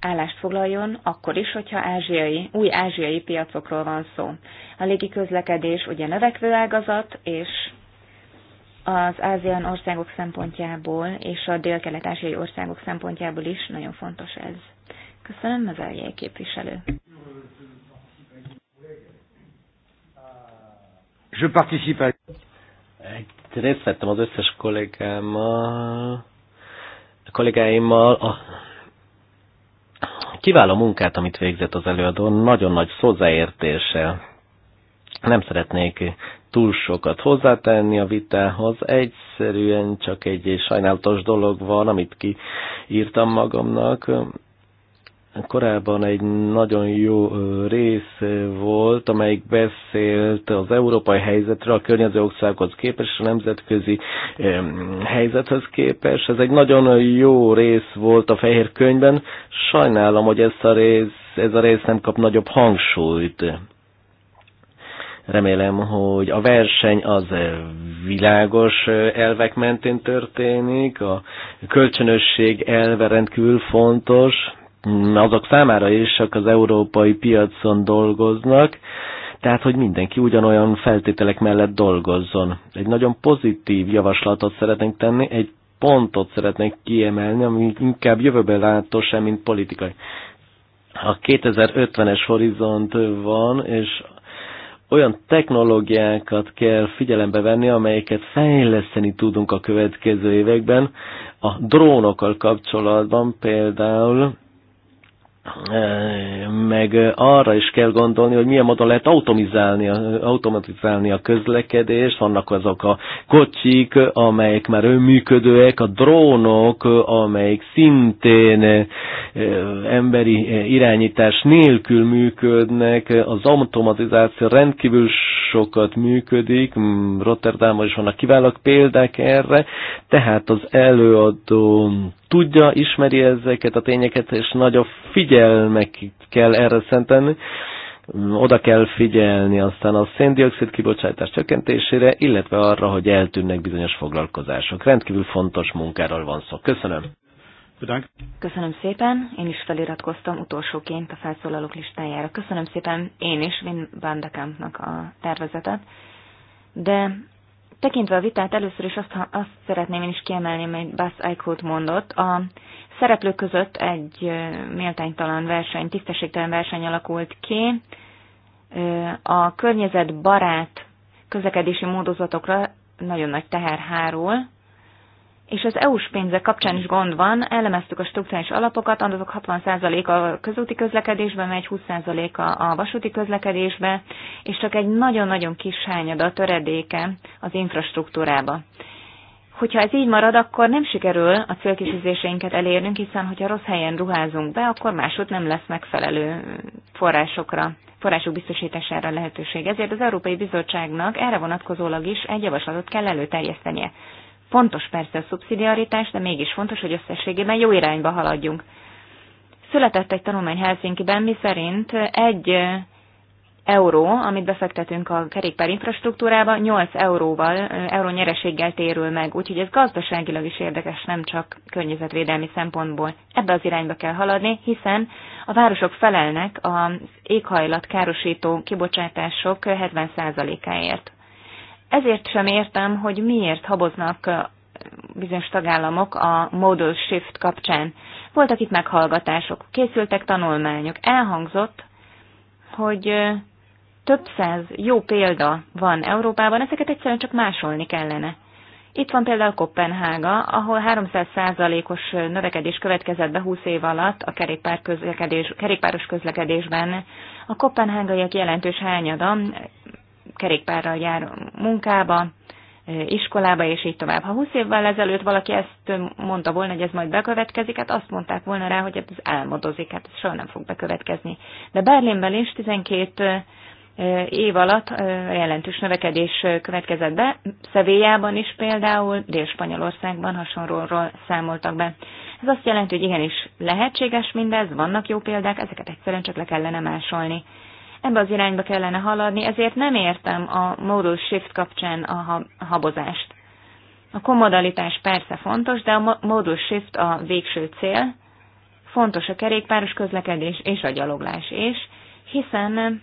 állást foglaljon, akkor is, hogyha ázsiai, új ázsiai piacokról van szó. A légi közlekedés ugye növekvő ágazat, és az ázián országok szempontjából és a dél-kelet-ázsiai országok szempontjából is nagyon fontos ez. Köszönöm, az
eljé képviselő. Je participe részt vettem az összes kollégámmal, a kollégáimmal a kiváló munkát, amit végzett az előadó, nagyon nagy hozzáértéssel. Nem szeretnék túl sokat hozzátenni a vitához, egyszerűen csak egy sajnálatos dolog van, amit kiírtam magamnak korábban egy nagyon jó rész volt, amelyik beszélt az európai helyzetről, a környező országhoz képest, a nemzetközi helyzethez képest. Ez egy nagyon jó rész volt a fehér könyvben. Sajnálom, hogy ez a rész, ez a rész nem kap nagyobb hangsúlyt. Remélem, hogy a verseny az világos elvek mentén történik, a kölcsönösség elve rendkívül fontos, azok számára is, akik az európai piacon dolgoznak, tehát hogy mindenki ugyanolyan feltételek mellett dolgozzon. Egy nagyon pozitív javaslatot szeretnénk tenni, egy pontot szeretnék kiemelni, ami inkább jövőben látó sem, mint politikai. A 2050-es horizont van, és olyan technológiákat kell figyelembe venni, amelyeket fejleszteni tudunk a következő években. A drónokkal kapcsolatban például meg arra is kell gondolni, hogy milyen módon lehet automizálni, automatizálni a közlekedést, vannak azok a kocsik, amelyek már önműködőek, a drónok, amelyek szintén emberi irányítás nélkül működnek, az automatizáció rendkívül sokat működik, Rotterdamban is vannak kiválók példák erre, tehát az előadó tudja, ismeri ezeket a tényeket, és nagyobb figyelmek kell erre szentelni. Oda kell figyelni aztán a széndiokszid kibocsátás csökkentésére, illetve arra, hogy eltűnnek bizonyos foglalkozások. Rendkívül fontos munkáról van szó. Köszönöm.
Köszönöm szépen, én is feliratkoztam utolsóként a felszólalók listájára. Köszönöm szépen én is Vin Bandakampnak a tervezetet, de Tekintve a vitát először is azt, azt szeretném én is kiemelni, amit Bass Eichholt mondott. A szereplők között egy méltánytalan verseny, tisztességtelen verseny alakult ki. A környezetbarát közlekedési módozatokra nagyon nagy teher hárul, és az EU-s pénzek kapcsán is gond van, elemeztük a struktúrális alapokat, azok 60%-a közúti közlekedésbe megy, 20%-a a vasúti közlekedésbe, és csak egy nagyon-nagyon kis hányada töredéke az infrastruktúrába. Hogyha ez így marad, akkor nem sikerül a célkitűzéseinket elérnünk, hiszen hogyha rossz helyen ruházunk be, akkor máshogy nem lesz megfelelő forrásokra források biztosítására lehetőség. Ezért az Európai Bizottságnak erre vonatkozólag is egy javaslatot kell előterjesztenie. Fontos persze a szubszidiaritás, de mégis fontos, hogy összességében jó irányba haladjunk. Született egy tanulmány Helsinki-ben, mi szerint egy euró, amit befektetünk a kerékpár infrastruktúrába, 8 euróval, euró nyereséggel térül meg. Úgyhogy ez gazdaságilag is érdekes, nem csak környezetvédelmi szempontból. Ebbe az irányba kell haladni, hiszen a városok felelnek az éghajlat károsító kibocsátások 70%-áért. Ezért sem értem, hogy miért haboznak bizonyos tagállamok a modal shift kapcsán. Voltak itt meghallgatások, készültek tanulmányok, elhangzott, hogy több száz jó példa van Európában, ezeket egyszerűen csak másolni kellene. Itt van például Kopenhága, ahol 300%-os növekedés következett be 20 év alatt a kerékpár közlekedés, kerékpáros közlekedésben. A kopenhágaiak jelentős hányada kerékpárral jár munkába, iskolába, és így tovább. Ha 20 évvel ezelőtt valaki ezt mondta volna, hogy ez majd bekövetkezik, hát azt mondták volna rá, hogy ez álmodozik, hát ez soha nem fog bekövetkezni. De Berlinben is 12 év alatt jelentős növekedés következett be. Szevélyában is például, Dél-Spanyolországban hasonlóról számoltak be. Ez azt jelenti, hogy igenis lehetséges mindez, vannak jó példák, ezeket egyszerűen csak le kellene másolni. Ebbe az irányba kellene haladni, ezért nem értem a modal shift kapcsán a habozást. A komodalitás persze fontos, de a modal shift a végső cél, fontos a kerékpáros közlekedés és a gyaloglás is, hiszen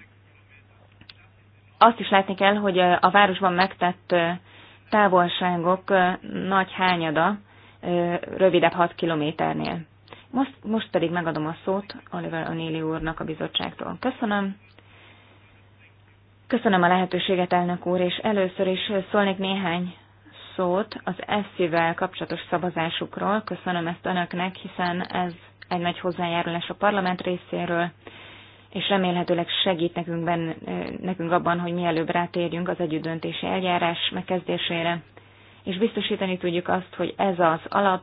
azt is látni kell, hogy a városban megtett távolságok nagy hányada rövidebb 6 kilométernél. Most, most pedig megadom a szót Oliver O'Neilly úrnak a bizottságtól. Köszönöm, Köszönöm a lehetőséget, elnök úr, és először is szólnék néhány szót az eszivel kapcsolatos szavazásukról. Köszönöm ezt önöknek, hiszen ez egy nagy hozzájárulás a parlament részéről, és remélhetőleg segít nekünk, ben, nekünk abban, hogy mielőbb rátérjünk az együttdöntési eljárás megkezdésére, és biztosítani tudjuk azt, hogy ez az alap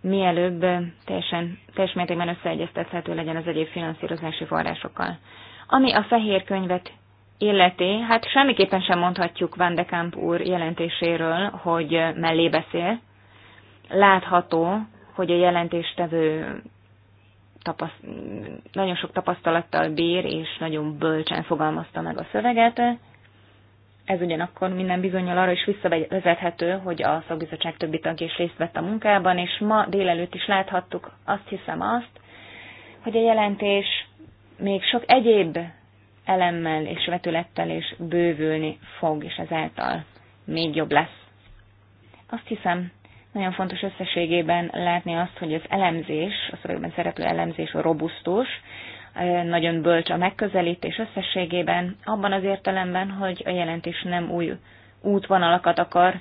mielőbb teljesen, teljes mértékben összeegyeztethető legyen az egyéb finanszírozási forrásokkal. Ami a fehér könyvet illeti, hát semmiképpen sem mondhatjuk Van de Kamp úr jelentéséről, hogy mellé beszél. Látható, hogy a jelentéstevő tapaszt- nagyon sok tapasztalattal bír, és nagyon bölcsen fogalmazta meg a szöveget. Ez ugyanakkor minden bizonyal arra is visszavezethető, hogy a szakbizottság többi tagja is részt vett a munkában, és ma délelőtt is láthattuk azt hiszem azt, hogy a jelentés még sok egyéb elemmel és vetülettel is bővülni fog, és ezáltal még jobb lesz. Azt hiszem, nagyon fontos összességében látni azt, hogy az elemzés, a szövegben szereplő elemzés robusztus, nagyon bölcs a megközelítés összességében, abban az értelemben, hogy a jelentés nem új útvonalakat akar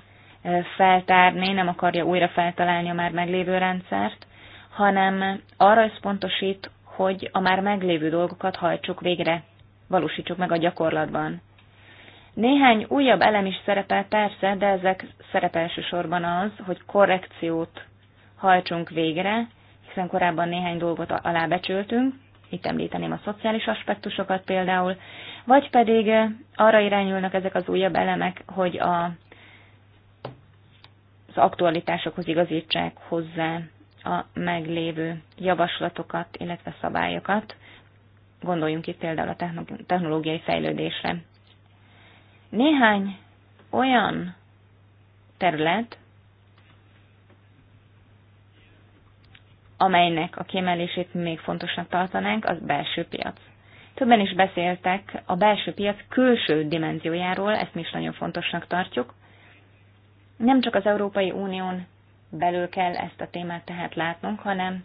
feltárni, nem akarja újra feltalálni a már meglévő rendszert, hanem arra összpontosít, hogy a már meglévő dolgokat hajtsuk végre valósítsuk meg a gyakorlatban. Néhány újabb elem is szerepel persze, de ezek szerepe elsősorban az, hogy korrekciót hajtsunk végre, hiszen korábban néhány dolgot alábecsültünk, itt említeném a szociális aspektusokat például, vagy pedig eh, arra irányulnak ezek az újabb elemek, hogy a, az aktualitásokhoz igazítsák hozzá a meglévő javaslatokat, illetve szabályokat. Gondoljunk itt például a technológiai fejlődésre. Néhány olyan terület, amelynek a kiemelését még fontosnak tartanánk, az belső piac. Többen is beszéltek a belső piac külső dimenziójáról, ezt mi is nagyon fontosnak tartjuk. Nem csak az Európai Unión belül kell ezt a témát tehát látnunk, hanem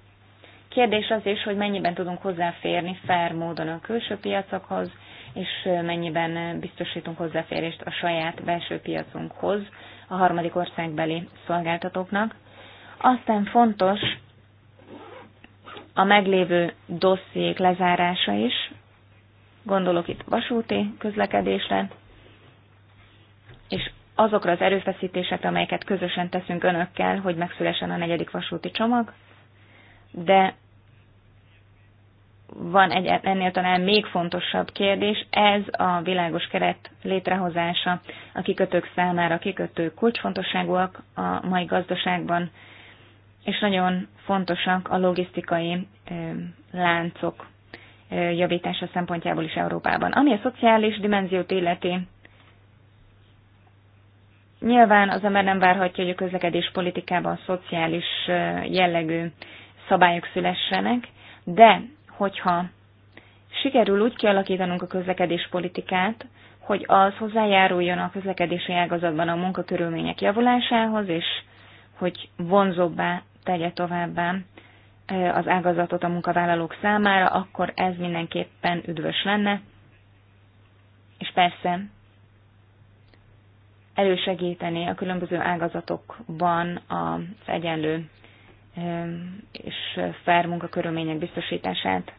Kérdés az is, hogy mennyiben tudunk hozzáférni fair módon a külső piacokhoz, és mennyiben biztosítunk hozzáférést a saját belső piacunkhoz, a harmadik országbeli szolgáltatóknak. Aztán fontos a meglévő dossziék lezárása is, gondolok itt vasúti közlekedésre, és azokra az erőfeszítésekre, amelyeket közösen teszünk önökkel, hogy megszülessen a negyedik vasúti csomag, de van egy ennél talán még fontosabb kérdés, ez a világos keret létrehozása a kikötők számára. A kikötők kulcsfontosságúak a mai gazdaságban, és nagyon fontosak a logisztikai láncok javítása szempontjából is Európában. Ami a szociális dimenziót illeti, nyilván az ember nem várhatja, hogy a közlekedés politikában szociális jellegű szabályok szülessenek, de hogyha sikerül úgy kialakítanunk a közlekedéspolitikát, hogy az hozzájáruljon a közlekedési ágazatban a munkakörülmények javulásához, és hogy vonzóbbá tegye továbbá az ágazatot a munkavállalók számára, akkor ez mindenképpen üdvös lenne. És persze elősegíteni a különböző ágazatokban az egyenlő és fair munkakörülmények biztosítását.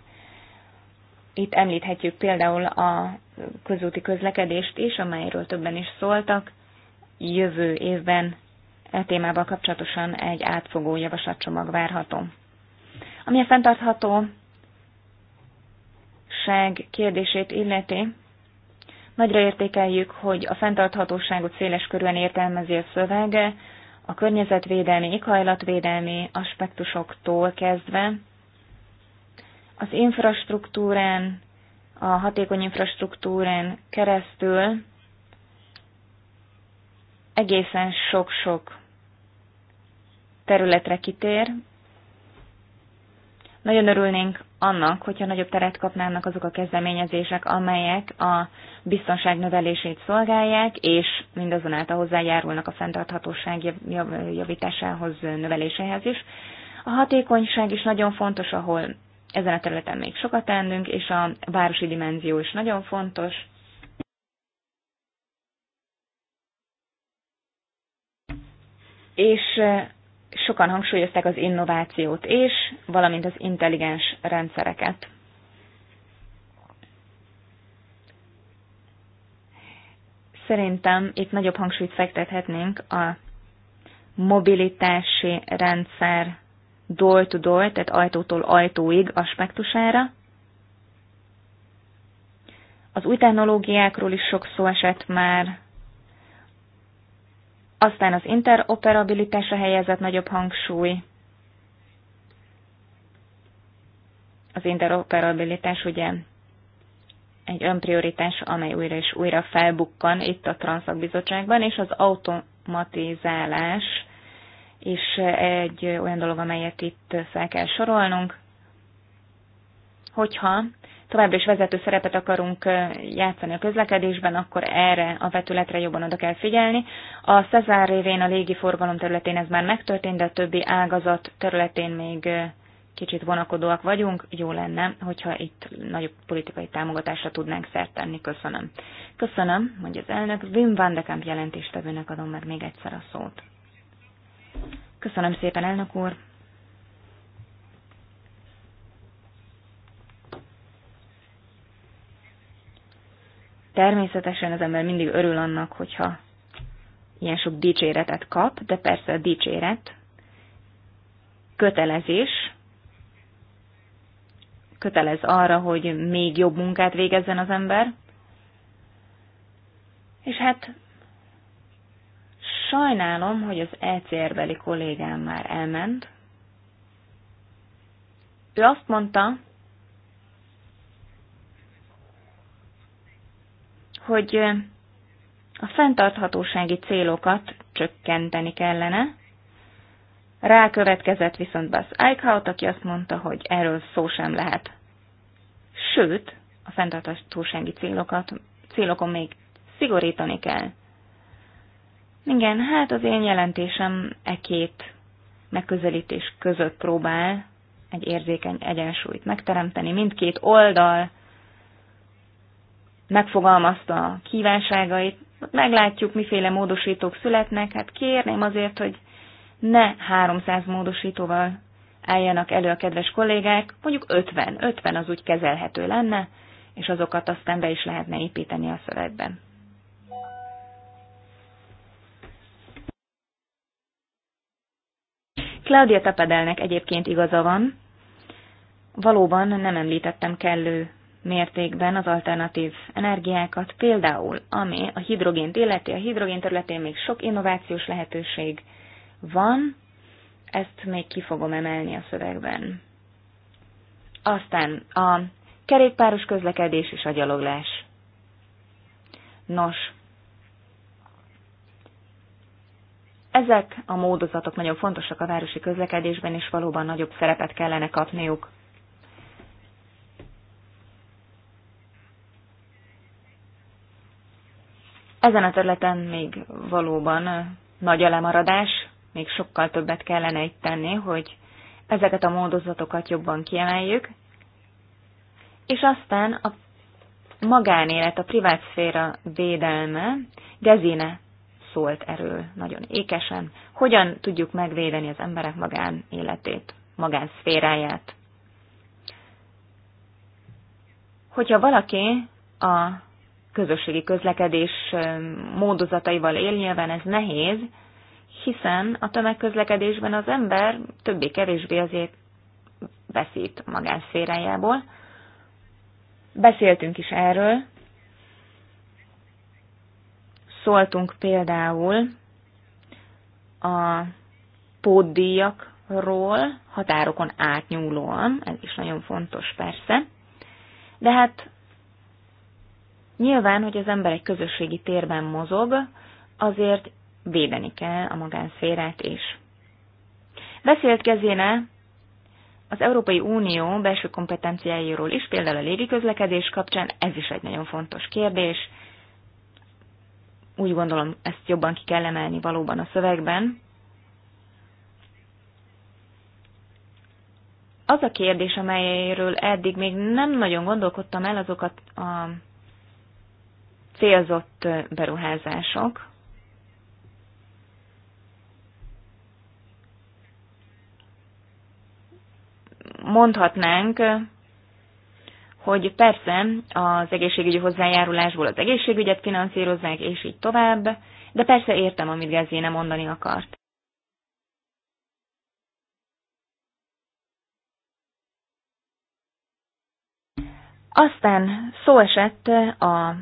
Itt említhetjük például a közúti közlekedést is, amelyről többen is szóltak. Jövő évben e témával kapcsolatosan egy átfogó javaslatcsomag várható. Ami a fenntartható kérdését illeti, nagyra értékeljük, hogy a fenntarthatóságot széles körülön értelmezi a szövege, a környezetvédelmi, éghajlatvédelmi aspektusoktól kezdve az infrastruktúrán, a hatékony infrastruktúrán keresztül egészen sok-sok területre kitér. Nagyon örülnénk annak, hogyha nagyobb teret kapnának azok a kezdeményezések, amelyek a biztonság növelését szolgálják, és mindazonáltal hozzájárulnak a fenntarthatóság javításához, növeléséhez is. A hatékonyság is nagyon fontos, ahol ezen a területen még sokat tennünk, és a városi dimenzió is nagyon fontos. És sokan hangsúlyozták az innovációt és, valamint az intelligens rendszereket. Szerintem itt nagyobb hangsúlyt fektethetnénk a mobilitási rendszer door-to-door, -door, tehát ajtótól ajtóig aspektusára. Az új technológiákról is sok szó esett már, aztán az interoperabilitásra helyezett nagyobb hangsúly. Az interoperabilitás ugye egy önprioritás, amely újra és újra felbukkan itt a Transzakbizottságban, és az automatizálás is egy olyan dolog, amelyet itt fel kell sorolnunk. Hogyha továbbra is vezető szerepet akarunk játszani a közlekedésben, akkor erre a vetületre jobban oda kell figyelni. A Szezár révén a forgalom területén ez már megtörtént, de a többi ágazat területén még kicsit vonakodóak vagyunk, jó lenne, hogyha itt nagyobb politikai támogatásra tudnánk szert tenni. Köszönöm. Köszönöm, mondja az elnök. Wim van de Kamp jelentéstevőnek adom meg még egyszer a szót. Köszönöm szépen, elnök úr. Természetesen az ember mindig örül annak, hogyha ilyen sok dicséretet kap, de persze a dicséret kötelezés, kötelez arra, hogy még jobb munkát végezzen az ember. És hát sajnálom, hogy az ECR-beli kollégám már elment. Ő azt mondta, hogy a fenntarthatósági célokat csökkenteni kellene. Rákövetkezett viszont Buzz Eichhout, aki azt mondta, hogy erről szó sem lehet. Sőt, a fenntarthatósági célokat, célokon még szigorítani kell. Igen, hát az én jelentésem e két megközelítés között próbál egy érzékeny egyensúlyt megteremteni. Mindkét oldal megfogalmazta kívánságait, meglátjuk, miféle módosítók születnek, hát kérném azért, hogy ne 300 módosítóval álljanak elő a kedves kollégák, mondjuk 50, 50 az úgy kezelhető lenne, és azokat aztán be is lehetne építeni a szövegben. Claudia Tapedelnek egyébként igaza van. Valóban nem említettem kellő mértékben az alternatív energiákat, például ami a hidrogént illeti, a hidrogén területén még sok innovációs lehetőség van, ezt még ki fogom emelni a szövegben. Aztán a kerékpáros közlekedés és a gyaloglás. Nos, ezek a módozatok nagyon fontosak a városi közlekedésben, és valóban nagyobb szerepet kellene kapniuk. Ezen a területen még valóban nagy a lemaradás, még sokkal többet kellene itt tenni, hogy ezeket a módozatokat jobban kiemeljük, és aztán a magánélet, a privátszféra védelme, Gezine szólt erről nagyon ékesen, hogyan tudjuk megvédeni az emberek magánéletét, magánszféráját. Hogyha valaki a közösségi közlekedés módozataival él, nyilván ez nehéz, hiszen a tömegközlekedésben az ember többé-kevésbé azért veszít magánszférájából. Beszéltünk is erről. Szóltunk például a pótdíjakról határokon átnyúlóan, ez is nagyon fontos persze, de hát Nyilván, hogy az ember egy közösségi térben mozog, azért védeni kell a magánszférát is. Beszélt kezéne az Európai Unió belső kompetenciáiról is, például a légiközlekedés kapcsán, ez is egy nagyon fontos kérdés. Úgy gondolom, ezt jobban ki kell emelni valóban a szövegben. Az a kérdés, amelyről eddig még nem nagyon gondolkodtam el, azokat a célzott beruházások. Mondhatnánk, hogy persze az egészségügyi hozzájárulásból az egészségügyet finanszírozzák, és így tovább, de persze értem, amit Gezéne mondani akart. Aztán szó esett a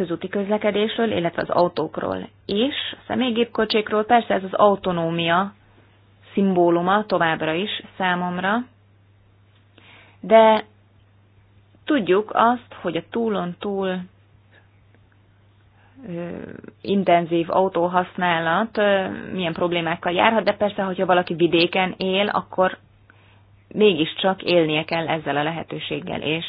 közúti közlekedésről, illetve az autókról és a személygépkocsékról. Persze ez az autonómia szimbóluma továbbra is számomra, de tudjuk azt, hogy a túlon túl intenzív autóhasználat milyen problémákkal járhat, de persze, hogyha valaki vidéken él, akkor mégiscsak élnie kell ezzel a lehetőséggel, és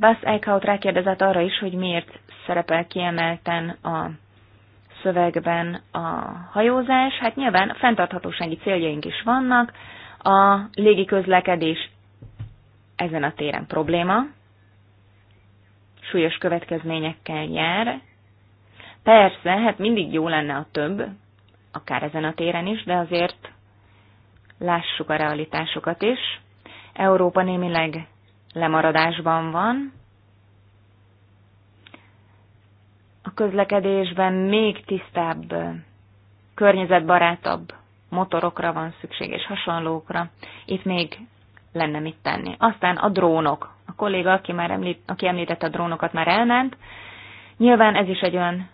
Buzz Eichhout rákérdezett arra is, hogy miért szerepel kiemelten a szövegben a hajózás. Hát nyilván fenntarthatósági céljaink is vannak, a légi közlekedés ezen a téren probléma, súlyos következményekkel jár. Persze, hát mindig jó lenne a több, akár ezen a téren is, de azért lássuk a realitásokat is. Európa némileg lemaradásban van. A közlekedésben még tisztább, környezetbarátabb motorokra van szükség, és hasonlókra. Itt még lenne mit tenni. Aztán a drónok. A kolléga, aki, már említ, aki említette a drónokat, már elment. Nyilván ez is egy olyan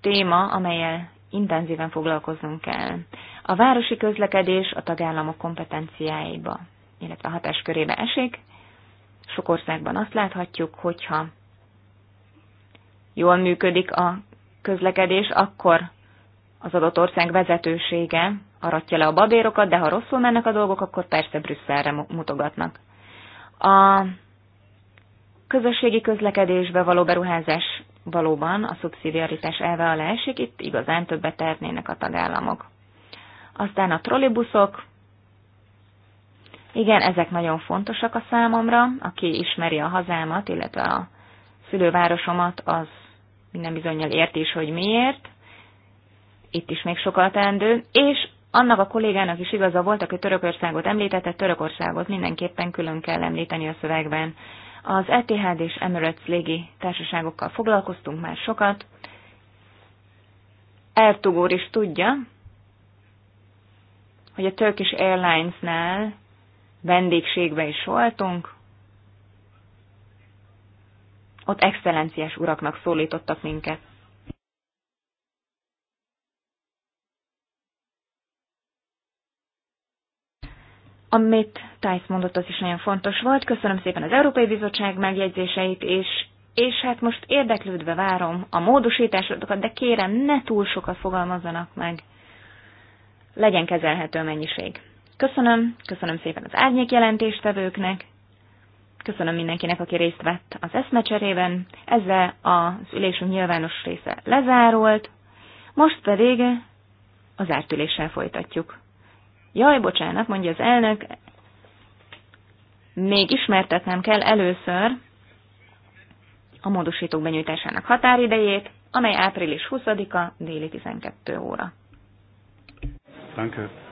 téma, amelyel intenzíven foglalkoznunk kell. A városi közlekedés a tagállamok kompetenciáiba, illetve hatáskörébe esik, sok országban azt láthatjuk, hogyha jól működik a közlekedés, akkor az adott ország vezetősége aratja le a babérokat, de ha rosszul mennek a dolgok, akkor persze Brüsszelre mutogatnak. A közösségi közlekedésbe való beruházás valóban a szubszidiaritás elve alá esik, itt igazán többet tehetnének a tagállamok. Aztán a trollibuszok, igen, ezek nagyon fontosak a számomra. Aki ismeri a hazámat, illetve a szülővárosomat, az minden bizonyal ért is, hogy miért. Itt is még sokat teendő. És annak a kollégának is igaza volt, aki Törökországot említette, Törökországot mindenképpen külön kell említeni a szövegben. Az ETHD és Emirates légi társaságokkal foglalkoztunk már sokat. Ertug is tudja, hogy a Turkish Airlines-nál vendégségbe is voltunk. Ott excellenciás uraknak szólítottak minket. Amit Tájsz mondott, az is nagyon fontos volt. Köszönöm szépen az Európai Bizottság megjegyzéseit, és, és hát most érdeklődve várom a módosításokat, de kérem, ne túl sokat fogalmazzanak meg. Legyen kezelhető a mennyiség. Köszönöm, köszönöm szépen az árnyék jelentéstevőknek, köszönöm mindenkinek, aki részt vett az eszmecserében. Ezzel az ülésünk nyilvános része lezárult, most pedig az ártüléssel folytatjuk. Jaj, bocsánat, mondja az elnök, még ismertetnem kell először a módosítók benyújtásának határidejét, amely április 20-a déli 12 óra.
Köszönöm.